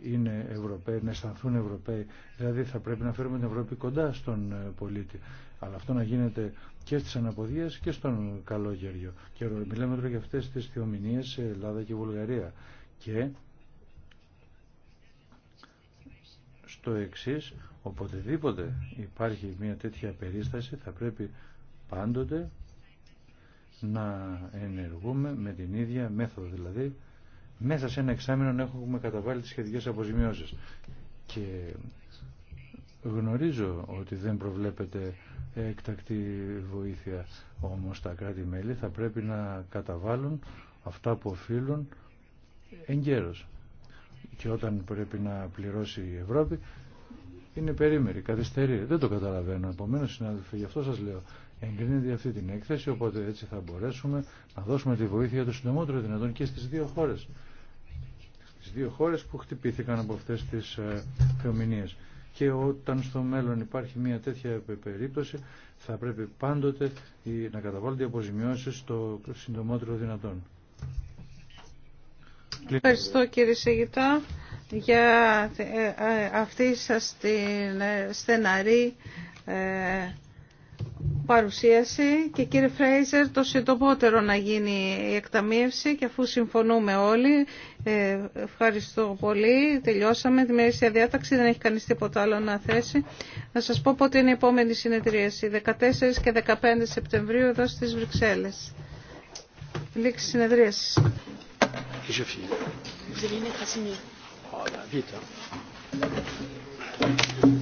είναι Ευρωπαίοι, να αισθανθούν Ευρωπαίοι. Δηλαδή θα πρέπει να φέρουμε την Ευρώπη κοντά στον ε, πολίτη. Αλλά αυτό να γίνεται και στις αναποδίες και στον καλό γέριο. Και μιλάμε τώρα για αυτές τις θεομηνίες σε Ελλάδα και Βουλγαρία. Και το εξής, οποτεδήποτε υπάρχει μια τέτοια περίσταση θα πρέπει πάντοτε να ενεργούμε με την ίδια μέθοδο. Δηλαδή, μέσα σε ένα εξάμεινο να έχουμε καταβάλει τις σχετικές αποζημιώσεις. Και γνωρίζω ότι δεν προβλέπεται εκτακτή βοήθεια, όμως τα κράτη-μέλη θα πρέπει να καταβάλουν αυτά που οφείλουν εγκαίρως και όταν πρέπει να πληρώσει η Ευρώπη είναι περίμερη, καθυστερεί. Δεν το καταλαβαίνω. Επομένω, συνάδελφοι, γι' αυτό σα λέω, εγκρίνεται αυτή την έκθεση, οπότε έτσι θα μπορέσουμε να δώσουμε τη βοήθεια του συντομότερο δυνατόν και στι δύο χώρε. Στι δύο χώρε που χτυπήθηκαν από αυτέ τι ε, θεομηνίε. Και όταν στο μέλλον υπάρχει μια τέτοια περίπτωση, θα πρέπει πάντοτε να καταβάλλονται οι αποζημιώσει το συντομότερο δυνατόν. Ευχαριστώ κύριε Σεγητά για ε, ε, αυτή σας την ε, στεναρή παρουσίαση και κύριε Φρέιζερ το συντομότερο να γίνει η εκταμείευση και αφού συμφωνούμε όλοι ευχαριστώ πολύ τελειώσαμε τη μερίσια διάταξη δεν έχει κανείς τίποτα άλλο να θέσει να σας πω πότε είναι η επόμενη συνεδρίαση 14 και 15 Σεπτεμβρίου εδώ στις Βρυξέλλες λήξη συνεδρίασης que je finis. Vous allez mettre à signer. Oh, vite. Hein.